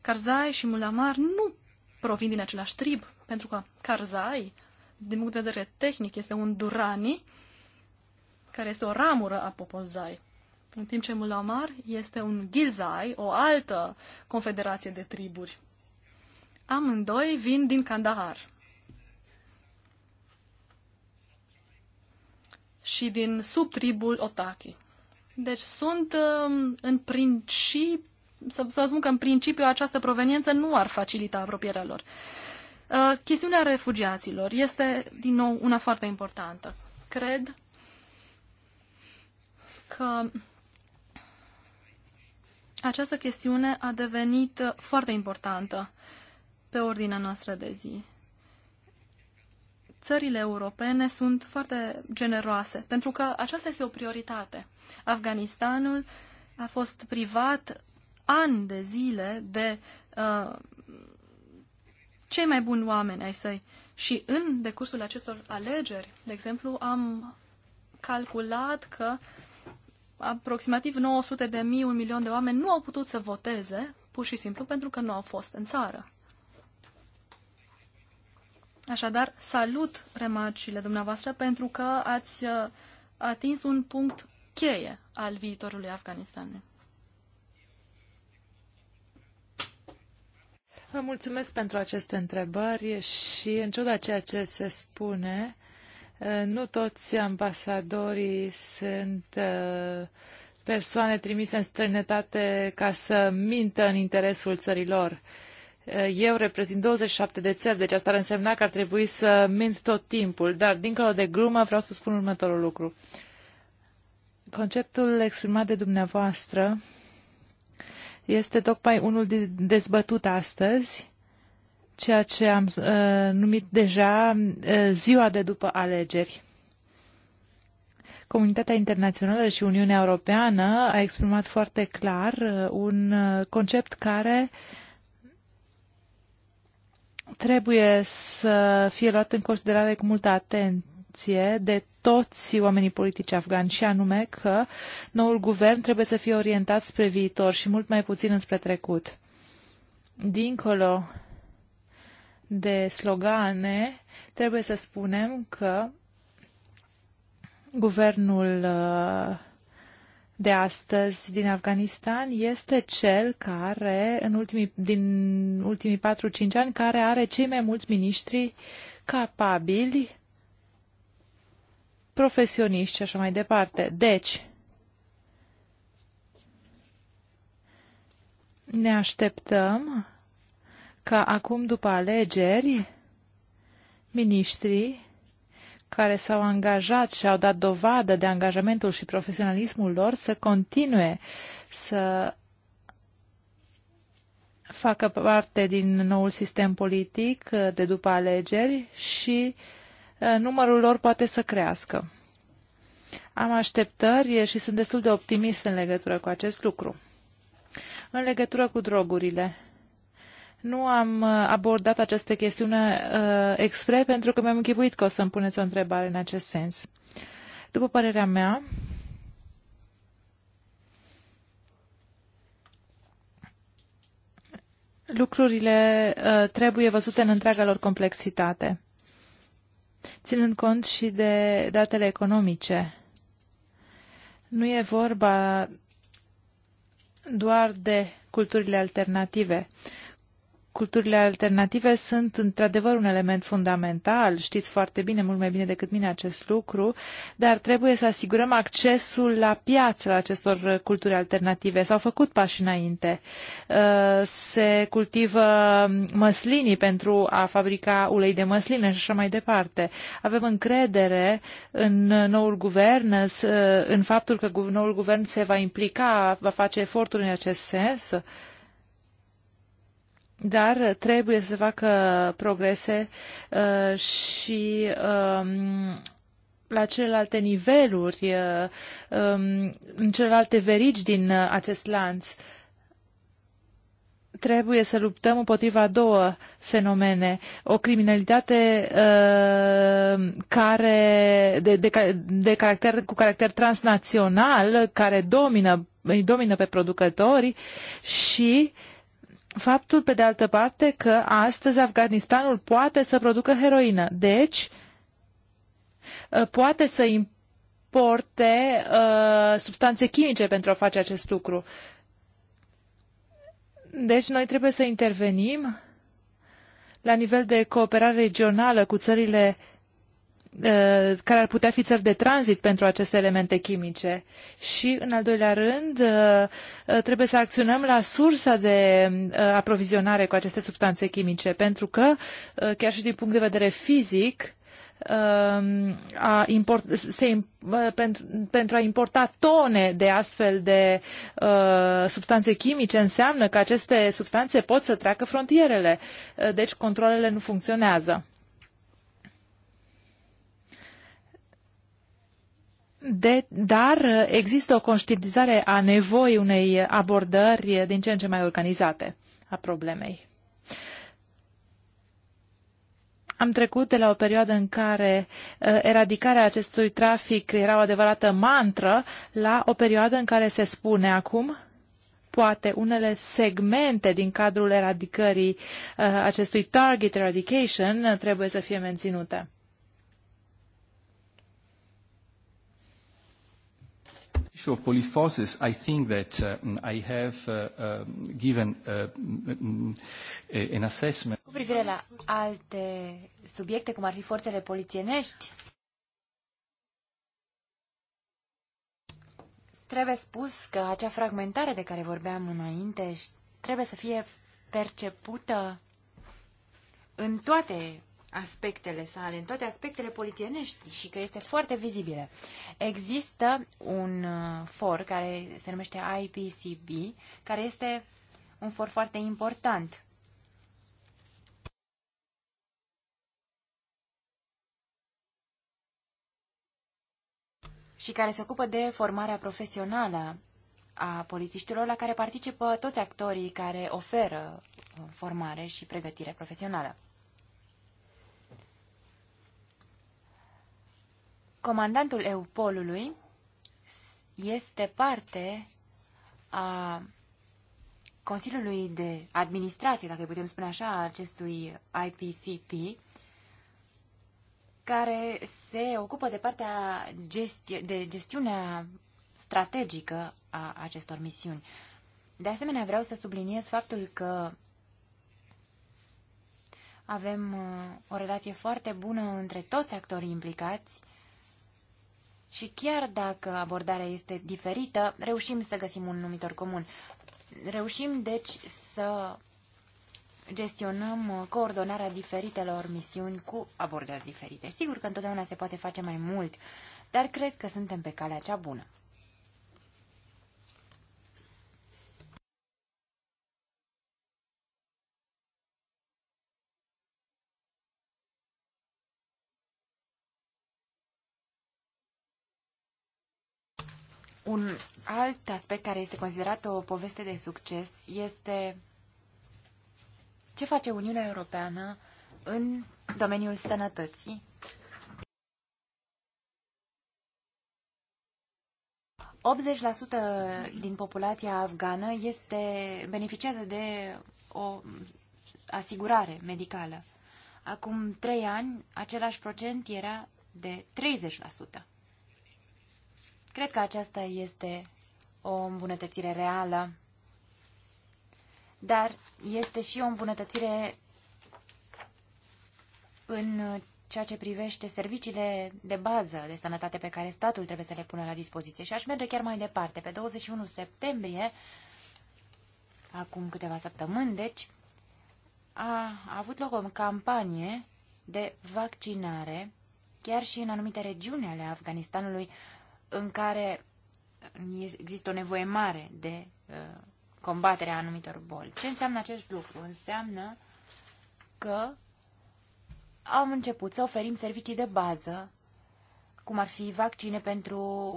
Karzai și Mulamar nu provin din același trib, pentru că Karzai, din punct de vedere tehnic, este un durani, care este o ramură a Popolzai. În timp ce Mulamar este un Gilzai, o altă confederație de triburi. Amândoi vin din Kandahar. și din subtribul Otaki. Deci sunt um, în principiu să, să spun că în principiu această proveniență nu ar facilita apropierea lor. Uh, chestiunea refugiaților este, din nou, una foarte importantă. Cred că această chestiune a devenit foarte importantă pe ordinea noastră de zi. Țările europene sunt foarte generoase, pentru că aceasta este o prioritate. Afganistanul a fost privat ani de zile de uh, cei mai buni oameni ai săi. Și în decursul acestor alegeri, de exemplu, am calculat că aproximativ 900 de mii, un milion de oameni nu au putut să voteze, pur și simplu pentru că nu au fost în țară. Așadar, salut remarcile dumneavoastră pentru că ați uh, atins un punct cheie al viitorului Afganistanului. Vă mulțumesc pentru aceste întrebări și, în ciuda ceea ce se spune, eh, nu toți ambasadorii sunt eh, persoane trimise în străinătate ca să mintă în interesul țărilor. Eh, eu reprezint 27 de țări, deci asta ar însemna că ar trebui să mint tot timpul. Dar, dincolo de glumă, vreau să spun următorul lucru. Conceptul exprimat de dumneavoastră este tocmai unul de dezbătut astăzi, ceea ce am uh, numit deja uh, ziua de după alegeri. Comunitatea internațională și Uniunea Europeană a exprimat foarte clar uh, un uh, concept care trebuie să fie luat în considerare cu multă atenție atenție de toți oamenii politici afgani și anume că noul guvern trebuie să fie orientat spre viitor și mult mai puțin înspre trecut. Dincolo de slogane, trebuie să spunem că guvernul uh, de astăzi din Afganistan este cel care, în ultimii, din ultimii 4-5 ani, care are cei mai mulți miniștri capabili profesioniști și așa mai departe. Deci, ne așteptăm ca acum după alegeri, miniștrii care s-au angajat și au dat dovadă de angajamentul și profesionalismul lor să continue să facă parte din noul sistem politic de după alegeri și uh, Eh, numărul lor poate să crească. Am așteptări eh, și sunt destul de optimist în legătură cu acest lucru. În legătură cu drogurile, nu am eh, abordat această chestiune uh, expre pentru că mi-am închipuit că o să-mi puneți o întrebare în acest sens. După părerea mea, lucrurile uh, trebuie văzute în întreaga lor complexitate ținând cont și de datele economice. Nu e vorba doar de culturile alternative culturile alternative sunt într-adevăr un element fundamental, știți foarte bine, mult mai bine decât mine acest lucru, dar trebuie să asigurăm accesul la piață la acestor culturi alternative. S-au făcut pași înainte. Uh, se cultivă măslinii pentru a fabrica ulei de măsline și așa mai departe. Avem încredere în noul guvern, uh, în faptul că noul guvern se va implica, va face eforturi în acest sens dar trebuie să se facă progrese uh, și um, la celelalte niveluri, uh, um, în celelalte verigi din uh, acest lanț. Trebuie să luptăm împotriva două fenomene. O criminalitate uh, care, de, de, de caracter, cu caracter transnațional, care domină, îi domină pe producători și uh, faptul, pe de altă parte, că astăzi Afganistanul poate să producă heroină. Deci, uh, poate să importe uh, substanțe chimice pentru a face acest lucru. Deci, noi trebuie să intervenim la nivel de cooperare regională cu țările Uh, care ar putea fi țări de tranzit pentru aceste elemente chimice. Și, în al doilea rând, uh, uh, trebuie să acționăm la sursa de aprovizionare cu aceste substanțe chimice, pentru că, chiar și din punct de vedere fizic, um, a import, se, pentru, pentru a importa tone de astfel de uh, substanțe chimice înseamnă că aceste substanțe pot să treacă frontierele, deci controlele nu funcționează. de, dar există o conștientizare a nevoii unei abordări din ce în ce mai organizate a problemei. Am trecut de la o perioadă în care uh, eradicarea acestui trafic era o adevărată mantră la o perioadă în care se spune acum poate unele segmente din cadrul eradicării uh, acestui target eradication trebuie să fie menținute. issue of polyphosis, I think that uh, I have uh, uh, given uh, mm, mm, an assessment. Cu privire la alte subiecte, cum ar fi forțele polițienești, trebuie spus că acea fragmentare de care vorbeam înainte trebuie să fie percepută în toate aspectele sale, în toate aspectele politienești și că este foarte vizibile. Există un uh, for care se numește IPCB, care este un for foarte important și care se ocupă de formarea profesională a polițiștilor la care participă toți actorii care oferă uh, formare și pregătire profesională. Comandantul Eupolului este parte a Consiliului de Administrație, dacă putem spune așa, a acestui IPCP, care se ocupă de partea gesti- de gestiunea strategică a acestor misiuni. De asemenea, vreau să subliniez faptul că avem uh, o relație foarte bună între toți actorii implicați și chiar dacă abordarea este diferită, reușim să găsim un numitor comun. Reușim, deci, să gestionăm coordonarea diferitelor misiuni cu abordări diferite. Sigur că întotdeauna se poate face mai mult, dar cred că suntem pe calea cea bună. Un alt aspect care este considerat o poveste de succes este ce face Uniunea Europeană în domeniul sănătății. ...80% din populația afgană este, beneficiază de o asigurare medicală. Acum trei ani, același procent era de 30%. Cred că aceasta este o îmbunătățire reală, dar este și o îmbunătățire în ceea ce privește serviciile de bază de sănătate pe care statul trebuie să le pună la dispoziție. Și aș merge chiar mai departe. Pe 21 septembrie, acum câteva săptămâni, deci, a avut loc o campanie de vaccinare, chiar și în anumite regiuni ale Afganistanului, în care există o nevoie mare de uh, combaterea anumitor boli. Ce înseamnă acest lucru? Înseamnă că am început să oferim servicii de bază, cum ar fi vaccine pentru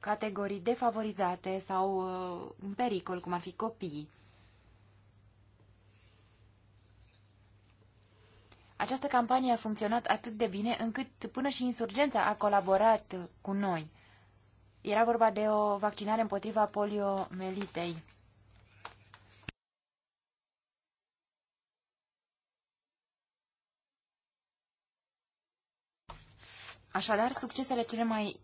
categorii defavorizate sau uh, în pericol, cum ar fi copiii. Această campanie a funcționat atât de bine încât până și insurgența a colaborat cu noi. Era vorba de o vaccinare împotriva poliomelitei. Așadar, succesele cele mai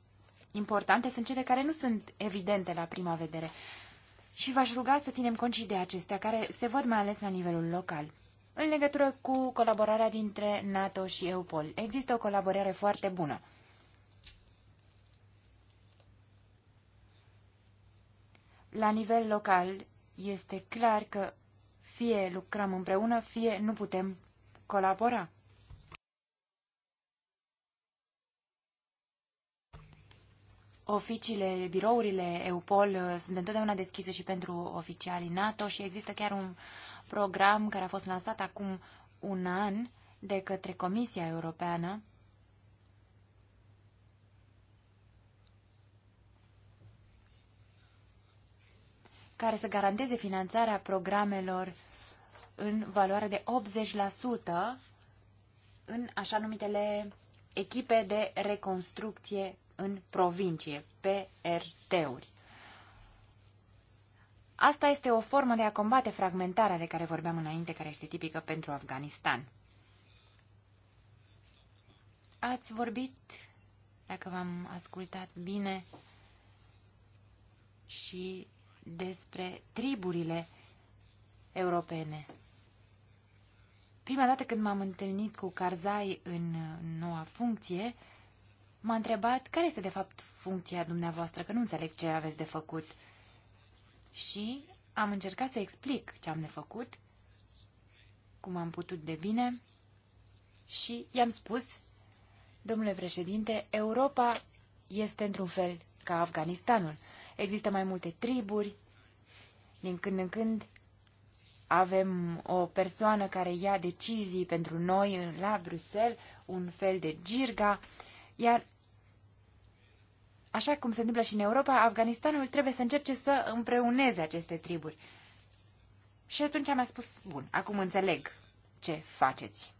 importante sunt cele care nu sunt evidente la prima vedere. Și v-aș ruga să ținem cont și de acestea, care se văd mai ales la nivelul local. În legătură cu colaborarea dintre NATO și EUPOL, există o colaborare foarte bună. La nivel local, este clar că fie lucrăm împreună, fie nu putem colabora. Oficiile, birourile EUPOL uh, sunt întotdeauna deschise și pentru oficialii NATO și există chiar un, program care a fost lansat acum un an de către Comisia Europeană care să garanteze finanțarea programelor în valoare de 80% în așa numitele echipe de reconstrucție în provincie, PRT-uri. Asta este o formă de a combate fragmentarea de care vorbeam înainte, care este tipică pentru Afganistan. Ați vorbit, dacă v-am ascultat bine, și despre triburile europene. Prima dată când m-am întâlnit cu Karzai în noua funcție, m-a întrebat care este de fapt funcția dumneavoastră, că nu înțeleg ce aveți de făcut și am încercat să explic ce am de făcut, cum am putut de bine și i-am spus, domnule președinte, Europa este într-un fel ca Afganistanul. Există mai multe triburi, din când în când avem o persoană care ia decizii pentru noi la Bruxelles, un fel de girga, iar Așa cum se întâmplă și în Europa, Afganistanul trebuie să încerce să împreuneze aceste triburi. Și atunci mi-a spus, bun, acum înțeleg ce faceți.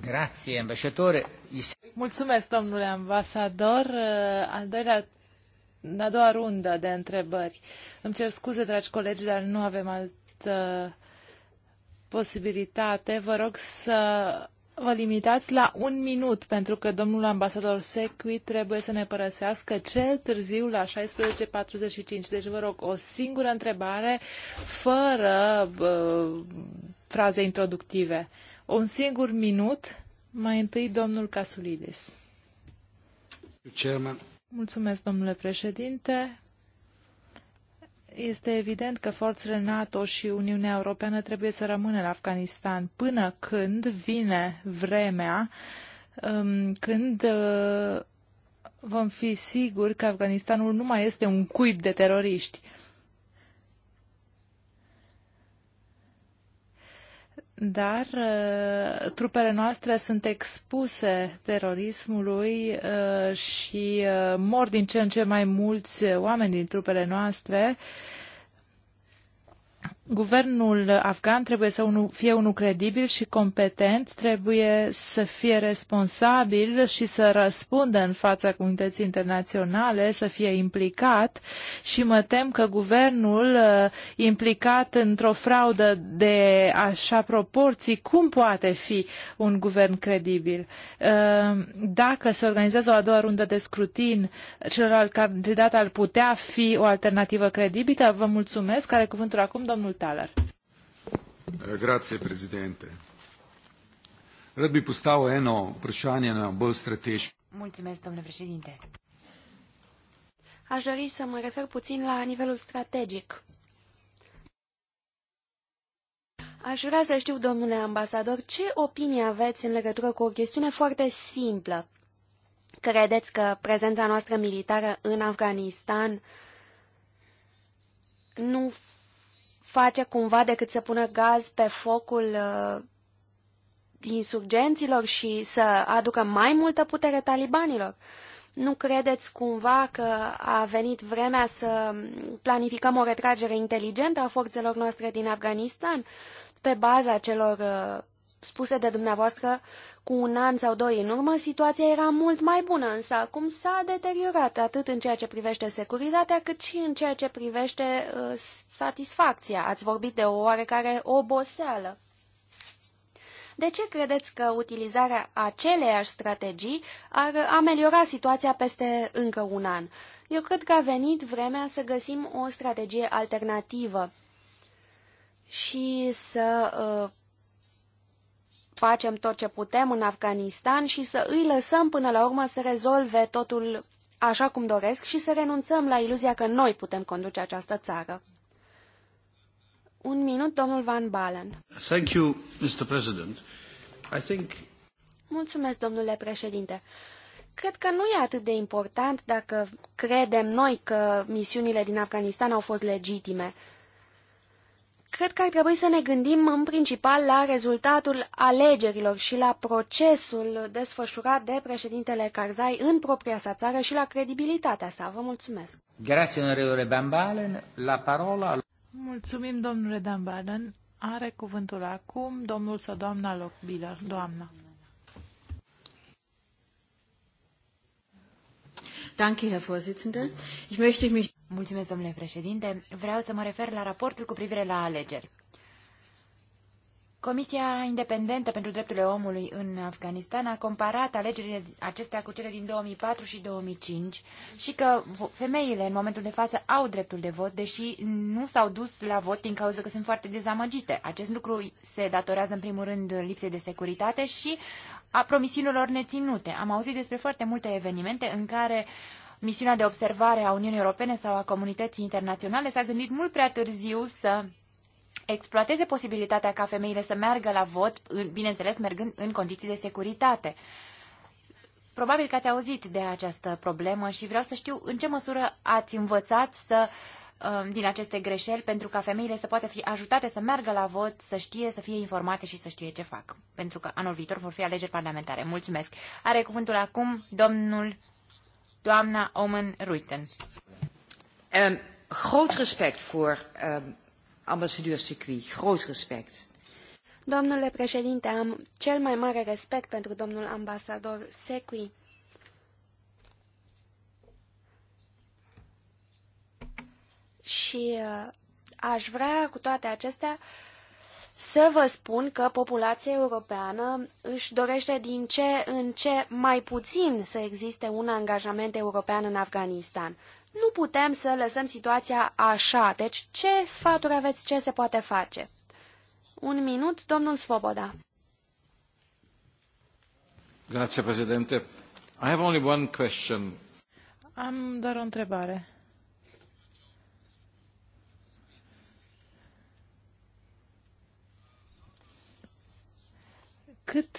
Grazie, ambasador. Mulțumesc, domnule ambasador. Al doilea, a doua rundă de întrebări. Îmi cer scuze, dragi colegi, dar nu avem alt uh, posibilitate, vă rog să vă limitați la un minut, pentru că domnul ambasador Secui trebuie să ne părăsească cel târziu la 16.45. Deci vă rog o singură întrebare, fără uh, fraze introductive. Un singur minut, mai întâi domnul Casulidis. Mulțumesc, domnule președinte. Este evident că forțele NATO și Uniunea Europeană trebuie să rămână în Afganistan până când vine vremea, um, când uh, vom fi siguri că Afganistanul nu mai este un cuib de teroriști. dar uh, trupele noastre sunt expuse terorismului uh, și uh, mor din ce în ce mai mulți oameni din trupele noastre Guvernul afgan trebuie să unu, fie unul credibil și competent, trebuie să fie responsabil și să răspundă în fața comunității internaționale, să fie implicat și mă tem că guvernul uh, implicat într-o fraudă de așa proporții, cum poate fi un guvern credibil? Uh, dacă se organizează o a doua rundă de scrutin, celălalt candidat ar putea fi o alternativă credibilă? Vă mulțumesc. care cuvântul acum domnul Thaler. Grazie, prezidente. Rad bi postavil eno vprašanje na bolj strateški. Mulțumesc, domnule președinte. Aș dori să mă refer puțin la nivelul strategic. Aș vrea să știu, domnule ambasador, ce opinie aveți în legătură cu o chestiune foarte simplă. Credeți că prezența noastră militară în Afganistan nu face cumva decât să pună gaz pe focul uh, insurgenților și să aducă mai multă putere talibanilor? Nu credeți cumva că a venit vremea să planificăm o retragere inteligentă a forțelor noastre din Afganistan pe baza celor uh, spuse de dumneavoastră cu un an sau doi în urmă, situația era mult mai bună, însă acum s-a deteriorat atât în ceea ce privește securitatea, cât și în ceea ce privește uh, satisfacția. Ați vorbit de o oarecare oboseală. De ce credeți că utilizarea aceleiași strategii ar ameliora situația peste încă un an? Eu cred că a venit vremea să găsim o strategie alternativă și să uh, facem tot ce putem în Afganistan și să îi lăsăm până la urmă să rezolve totul așa cum doresc și să renunțăm la iluzia că noi putem conduce această țară. Un minut, domnul Van Balen. Thank you, Mr. President. I think... Mulțumesc, domnule președinte. Cred că nu e atât de important dacă credem noi că misiunile din Afganistan au fost legitime. Cred că ar trebui să ne gândim în principal la rezultatul alegerilor și la procesul desfășurat de președintele Karzai în propria sa țară și la credibilitatea sa. Vă mulțumesc. Grazie, onorevole Bambalen. La parola... Mulțumim, domnule Bambalen. Are cuvântul acum domnul sau doamna Lockbiller. Doamna. Danke, Herr Vorsitzender. Ich möchte mich... Mulțumesc, domnule președinte. Vreau să mă refer la raportul cu privire la alegeri. Comisia Independentă pentru Drepturile Omului în Afganistan a comparat alegerile acestea cu cele din 2004 și 2005 și că femeile în momentul de față au dreptul de vot, deși nu s-au dus la vot din cauza că sunt foarte dezamăgite. Acest lucru se datorează în primul rând lipsei de securitate și a promisiunilor neținute. Am auzit despre foarte multe evenimente în care misiunea de observare a Uniunii Europene sau a comunității internaționale s-a gândit mult prea târziu să exploateze posibilitatea ca femeile să meargă la vot, bineînțeles mergând în condiții de securitate. Probabil că ați auzit de această problemă și vreau să știu în ce măsură ați învățat să uh, Um, din aceste greșeli pentru ca femeile să poată fi ajutate să meargă la vot, să știe, să fie informate și să știe ce fac. Pentru că anul viitor vor fi alegeri parlamentare. Mulțumesc. Are cuvântul acum domnul, doamna Omen Ruiten. Um, groot respect voor um, ehm, ambasadeur Sikwi. Groot respect. Domnule președinte, am cel mai mare respect pentru domnul ambasador Secui. Și uh, aș vrea cu toate acestea să vă spun că populația europeană își dorește din ce în ce mai puțin să existe un angajament european în Afganistan. Nu putem să lăsăm situația așa, deci ce sfaturi aveți, ce se poate face? Un minut, domnul Svoboda. Grazie, președinte. I have only one question. Am doar o întrebare. Cât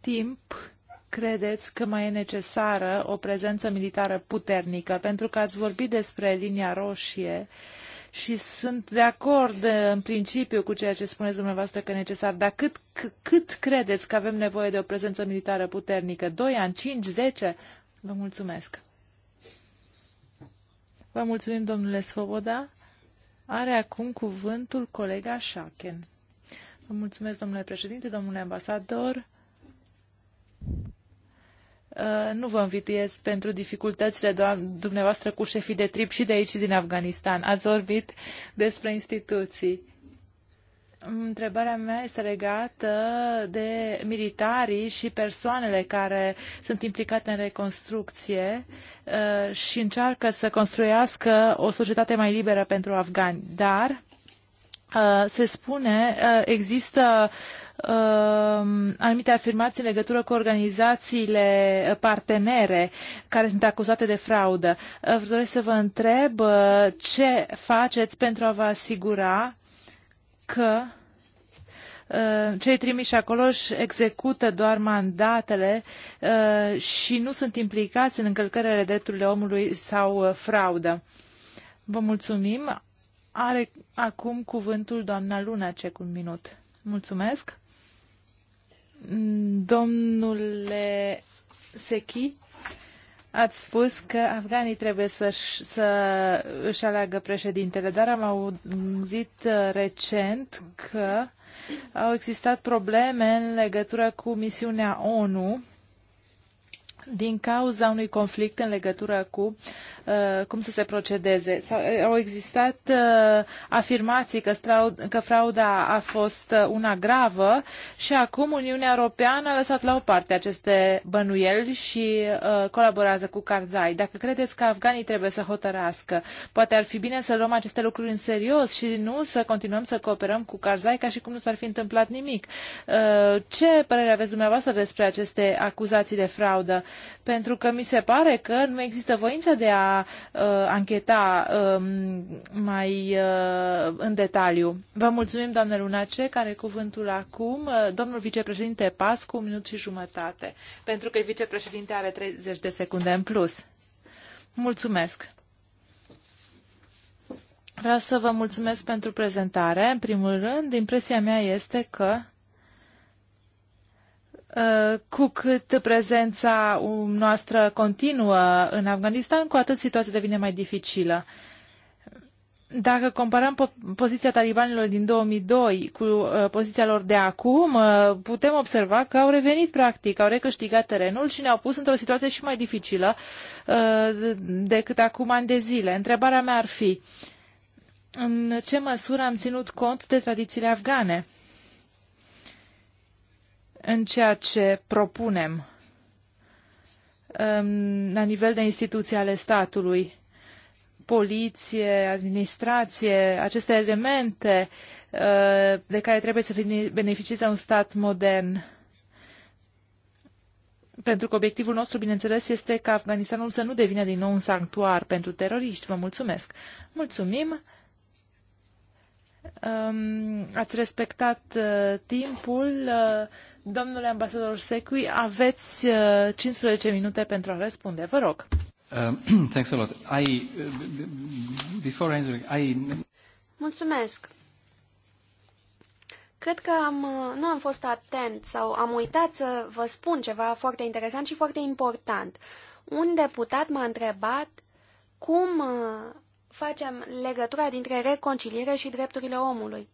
timp credeți că mai e necesară o prezență militară puternică? Pentru că ați vorbit despre linia roșie și sunt de acord în principiu cu ceea ce spuneți dumneavoastră că e necesar, dar cât, cât credeți că avem nevoie de o prezență militară puternică? 2 ani, 5, 10? Vă mulțumesc. Vă mulțumim, domnule Svoboda. Are acum cuvântul colega Schaken. Vă mulțumesc, domnule președinte, domnule ambasador. Uh, nu vă învituiesc pentru dificultățile dumneavoastră cu șefii de trip și de aici și din Afganistan. Ați vorbit despre instituții. Întrebarea mea este legată de militarii și persoanele care sunt implicate în reconstrucție uh, și încearcă să construiască o societate mai liberă pentru afgani. Dar Uh, se spune, uh, există uh, anumite afirmații în legătură cu organizațiile partenere care sunt acuzate de fraudă. Vă doresc să vă întreb ce faceți pentru a vă asigura că cei trimiși acolo își execută doar mandatele și nu sunt implicați în încălcările drepturilor omului sau fraudă. Vă mulțumim. Are acum cuvântul doamna Luna, Lunacek un minut. Mulțumesc. Domnule Sechi, ați spus că afganii trebuie să, să își aleagă președintele, dar am auzit uh, recent că au existat probleme în legătură cu misiunea ONU din cauza unui conflict în legătură cu uh, cum să se procedeze. S uh, au existat uh, afirmații că, că frauda a fost uh, una gravă și acum Uniunea Europeană a lăsat la o parte aceste bănuieli și uh, colaborează cu Karzai. Dacă credeți că afganii trebuie să hotărască, poate ar fi bine să luăm aceste lucruri în serios și nu să continuăm să cooperăm cu Karzai ca și cum nu s-ar fi întâmplat nimic. Uh, ce părere aveți dumneavoastră despre aceste acuzații de fraudă? pentru că mi se pare că nu există voință de a uh, ancheta uh, mai uh, în detaliu. Vă mulțumim, doamne Lunace, care cuvântul acum, uh, domnul vicepreședinte Pascu, minut și jumătate, pentru că vicepreședinte are 30 de secunde în plus. Mulțumesc! Vreau să vă mulțumesc pentru prezentare. În primul rând, impresia mea este că Uh, cu cât prezența um, noastră continuă în Afganistan, cu atât situația devine mai dificilă. Dacă comparăm po poziția talibanilor din 2002 cu uh, poziția lor de acum, uh, putem observa că au revenit practic, au recâștigat terenul și ne-au pus într-o situație și mai dificilă uh, decât acum ani de zile. Întrebarea mea ar fi, în ce măsură am ținut cont de tradițiile afgane? în ceea ce propunem um, la nivel de instituții ale statului, poliție, administrație, aceste elemente uh, de care trebuie să beneficieze un stat modern. Pentru că obiectivul nostru, bineînțeles, este ca Afganistanul să nu devină din nou un sanctuar pentru teroriști. Vă mulțumesc! Mulțumim! Um, ați respectat uh, timpul. Uh, domnule ambasador Secui, aveți 15 uh, minute pentru a răspunde. Vă rog. [CLEARS THROAT] thanks a lot. I, before answering, I... Mulțumesc. Cred că am, nu am fost atent sau am uitat să vă spun ceva foarte interesant și foarte important. Un deputat m-a întrebat cum facem legătura dintre reconciliere și drepturile omului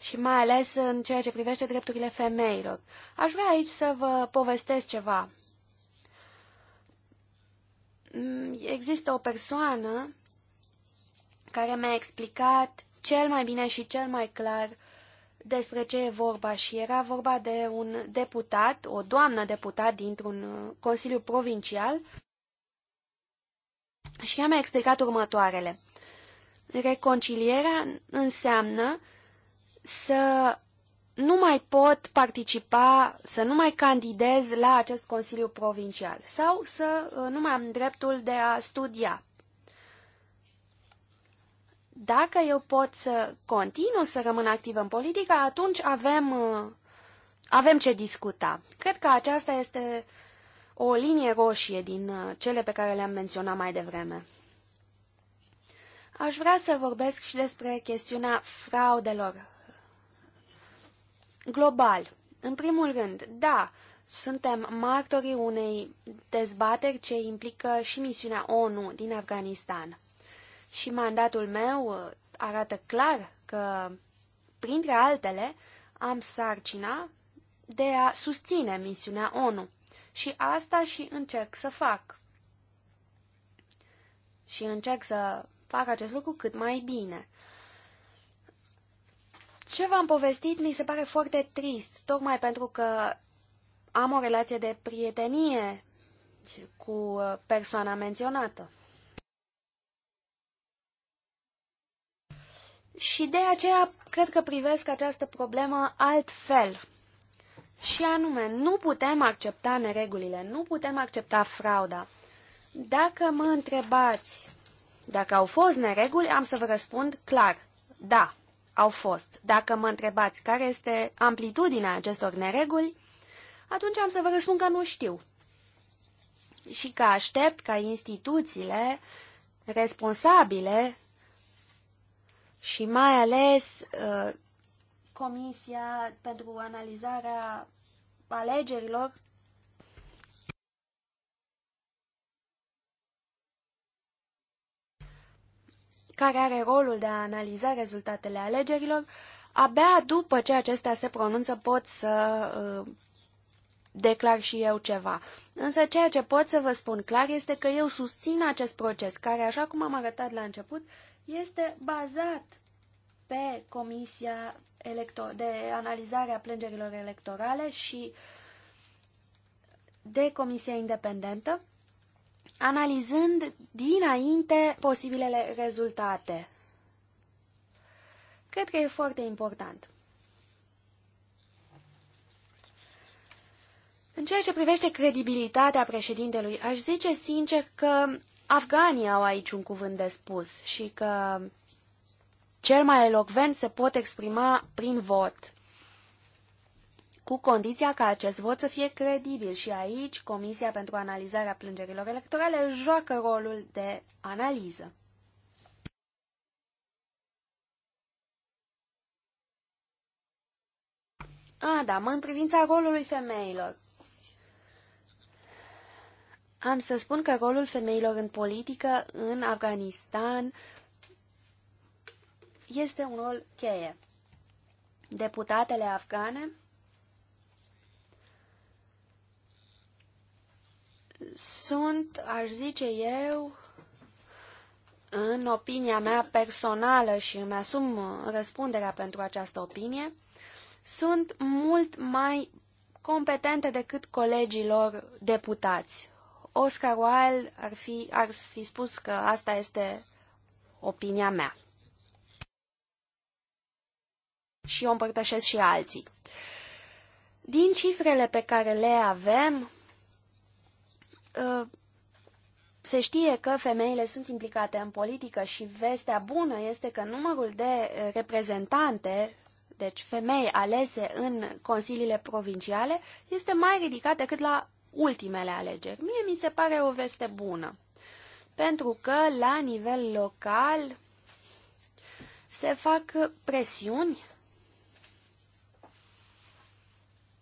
și mai ales în ceea ce privește drepturile femeilor. Aș vrea aici să vă povestesc ceva. Mm, există o persoană care mi-a explicat cel mai bine și cel mai clar despre ce e vorba și era vorba de un deputat, o doamnă deputat dintr-un uh, consiliu provincial și ea mi-a explicat următoarele. Reconcilierea înseamnă să nu mai pot participa, să nu mai candidez la acest Consiliu Provincial sau să uh, nu mai am dreptul de a studia. Dacă eu pot să continu să rămân activ în politică, atunci avem, uh, avem ce discuta. Cred că aceasta este o linie roșie din uh, cele pe care le-am menționat mai devreme. Aș vrea să vorbesc și despre chestiunea fraudelor. Global. În primul rând, da, suntem martorii unei dezbateri ce implică și misiunea ONU din Afganistan. Și mandatul meu uh, arată clar că, printre altele, am sarcina de a susține misiunea ONU. Și asta și încerc să fac. Și încerc să fac acest lucru cât mai bine. Ce v-am povestit mi se pare foarte trist, tocmai pentru că am o relație de prietenie cu uh, persoana menționată. Și de aceea cred că privesc această problemă altfel. Și anume, nu putem accepta neregulile, nu putem accepta frauda. Dacă mă întrebați dacă au fost nereguli, am să vă răspund clar. Da, au fost. Dacă mă întrebați care este amplitudinea acestor nereguli, atunci am să vă răspund că nu știu. Și că aștept ca instituțiile responsabile și mai ales uh, Comisia pentru analizarea alegerilor care are rolul de a analiza rezultatele alegerilor, abia după ce acestea se pronunță pot să uh, declar și eu ceva. Însă ceea ce pot să vă spun clar este că eu susțin acest proces, care, așa cum am arătat la început, este bazat pe Comisia de Analizare a Plângerilor Electorale și de Comisia Independentă analizând dinainte posibilele rezultate. Cred că e foarte important. În ceea ce privește credibilitatea președintelui, aș zice sincer că afganii au aici un cuvânt de spus și că cel mai elocvent se pot exprima prin vot cu condiția ca acest vot să fie credibil și aici Comisia pentru Analizarea Plângerilor Electorale joacă rolul de analiză. Adam, în privința rolului femeilor. Am să spun că rolul femeilor în politică în Afganistan este un rol cheie. Deputatele afgane sunt, aș zice eu, în opinia mea personală și îmi asum răspunderea pentru această opinie, sunt mult mai competente decât colegilor deputați. Oscar Wilde ar fi, ar fi spus că asta este opinia mea. Și o împărtășesc și alții. Din cifrele pe care le avem, Uh, se știe că femeile sunt implicate în politică și vestea bună este că numărul de uh, reprezentante, deci femei alese în consiliile provinciale, este mai ridicat decât la ultimele alegeri. Mie mi se pare o veste bună, pentru că la nivel local se fac presiuni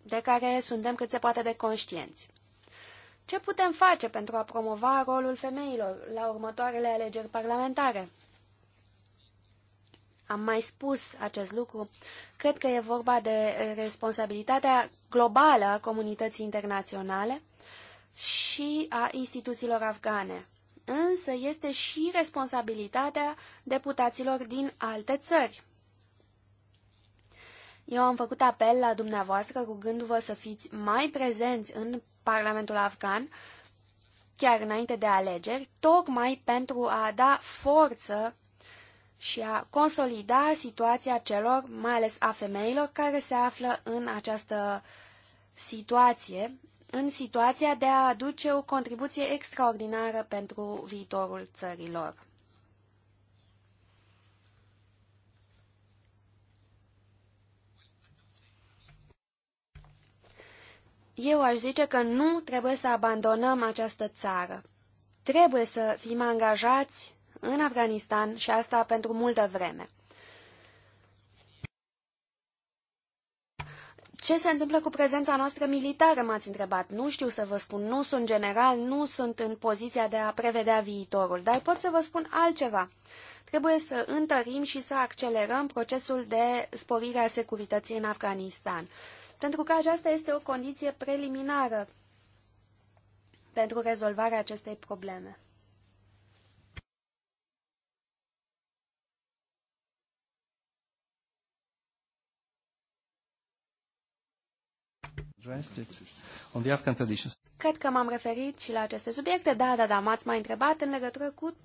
de care suntem cât se poate de conștienți. Ce putem face pentru a promova rolul femeilor la următoarele alegeri parlamentare? Am mai spus acest lucru. Cred că e vorba de responsabilitatea globală a comunității internaționale și a instituțiilor afgane. Însă este și responsabilitatea deputaților din alte țări. Eu am făcut apel la dumneavoastră rugându-vă să fiți mai prezenți în Parlamentul afgan, chiar înainte de alegeri, tocmai pentru a da forță și a consolida situația celor, mai ales a femeilor, care se află în această situație, în situația de a aduce o contribuție extraordinară pentru viitorul țărilor. eu aș zice că nu trebuie să abandonăm această țară. Trebuie să fim angajați în Afganistan și asta pentru multă vreme. Ce se întâmplă cu prezența noastră militară, m-ați întrebat. Nu știu să vă spun, nu sunt general, nu sunt în poziția de a prevedea viitorul, dar pot să vă spun altceva. Trebuie să întărim și să accelerăm procesul de sporire a securității în Afganistan pentru că aceasta este o condiție preliminară pentru rezolvarea acestei probleme. Cred că m-am referit și la aceste subiecte. Da, da, da, m-ați mai întrebat în legătură cu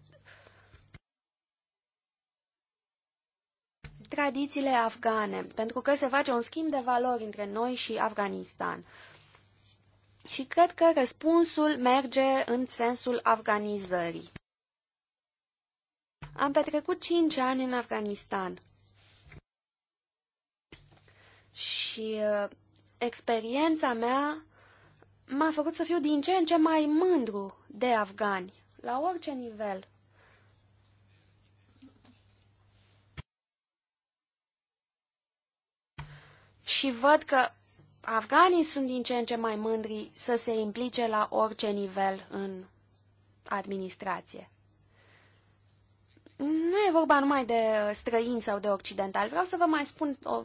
tradițiile afgane, pentru că se face un schimb de valori între noi și Afganistan. Și cred că răspunsul merge în sensul afganizării. Am petrecut cinci ani în Afganistan. Și uh, experiența mea m-a făcut să fiu din ce în ce mai mândru de afgani, la orice nivel. și văd că afganii sunt din ce în ce mai mândri să se implice la orice nivel în administrație. Nu e vorba numai de uh, străini sau de occidental. Vreau să vă mai spun o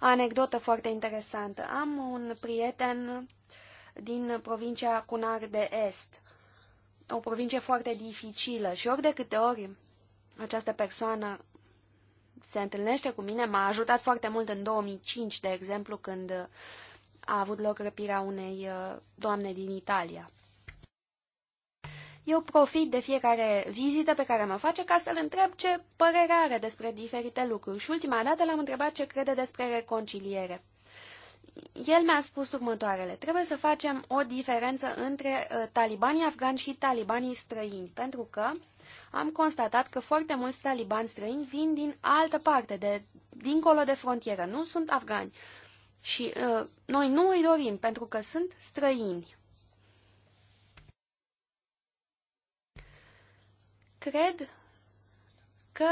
anecdotă foarte interesantă. Am un prieten din provincia Cunar de Est, o provincie foarte dificilă și ori de câte ori această persoană se întâlnește cu mine. M-a ajutat foarte mult în 2005, de exemplu, când a avut loc răpirea unei uh, doamne din Italia. Eu profit de fiecare vizită pe care mă face ca să-l întreb ce părere are despre diferite lucruri și ultima dată l-am întrebat ce crede despre reconciliere. El mi-a spus următoarele. Trebuie să facem o diferență între uh, talibanii afgani și talibanii străini, pentru că am constatat că foarte mulți talibani străini vin din altă parte, de, dincolo de frontieră, nu sunt afgani. Și uh, noi nu îi dorim, pentru că sunt străini. Cred că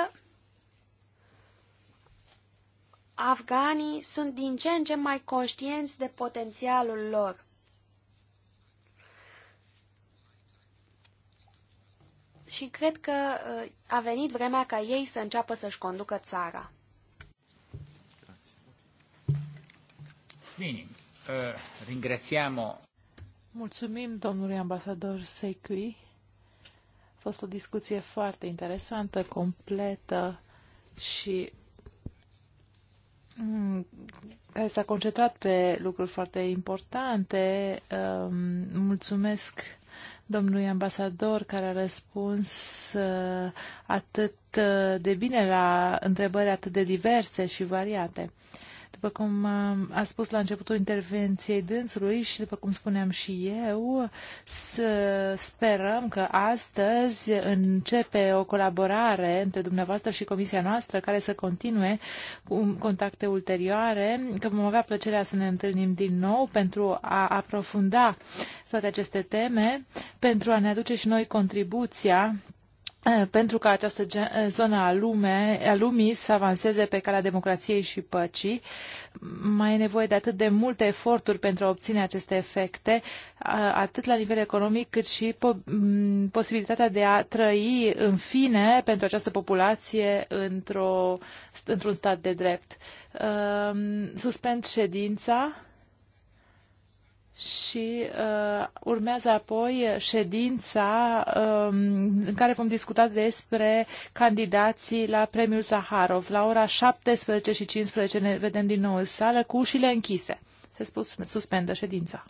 afganii sunt din ce în ce mai conștienți de potențialul lor. și cred că uh, a venit vremea ca ei să înceapă să-și conducă țara. Bine, uh, ringrațiamo. Mulțumim domnului ambasador Secui. A fost o discuție foarte interesantă, completă și mm, care s-a concentrat pe lucruri foarte importante. Um, mulțumesc domnului ambasador care a răspuns uh, atât uh, de bine la întrebări atât de diverse și variate. După cum uh, a spus la începutul intervenției dânsului și după cum spuneam și eu, să sperăm că astăzi începe o colaborare între dumneavoastră și comisia noastră care să continue cu contacte ulterioare, că vom avea plăcerea să ne întâlnim din nou pentru a aprofunda toate aceste teme, pentru a ne aduce și noi contribuția Eh, pentru ca această eh, zonă a, lume, a lumii să avanseze pe calea democrației și păcii. Mai e nevoie de atât de multe eforturi pentru a obține aceste efecte, eh, atât la nivel economic, cât și po- mm, posibilitatea de a trăi în fine pentru această populație într-un într stat de drept. Suspend ședința și uh, urmează apoi ședința um, în care vom discuta despre candidații la premiul Zaharov. La ora 17 și 15 ne vedem din nou în sală cu ușile închise. Se spus, suspendă ședința.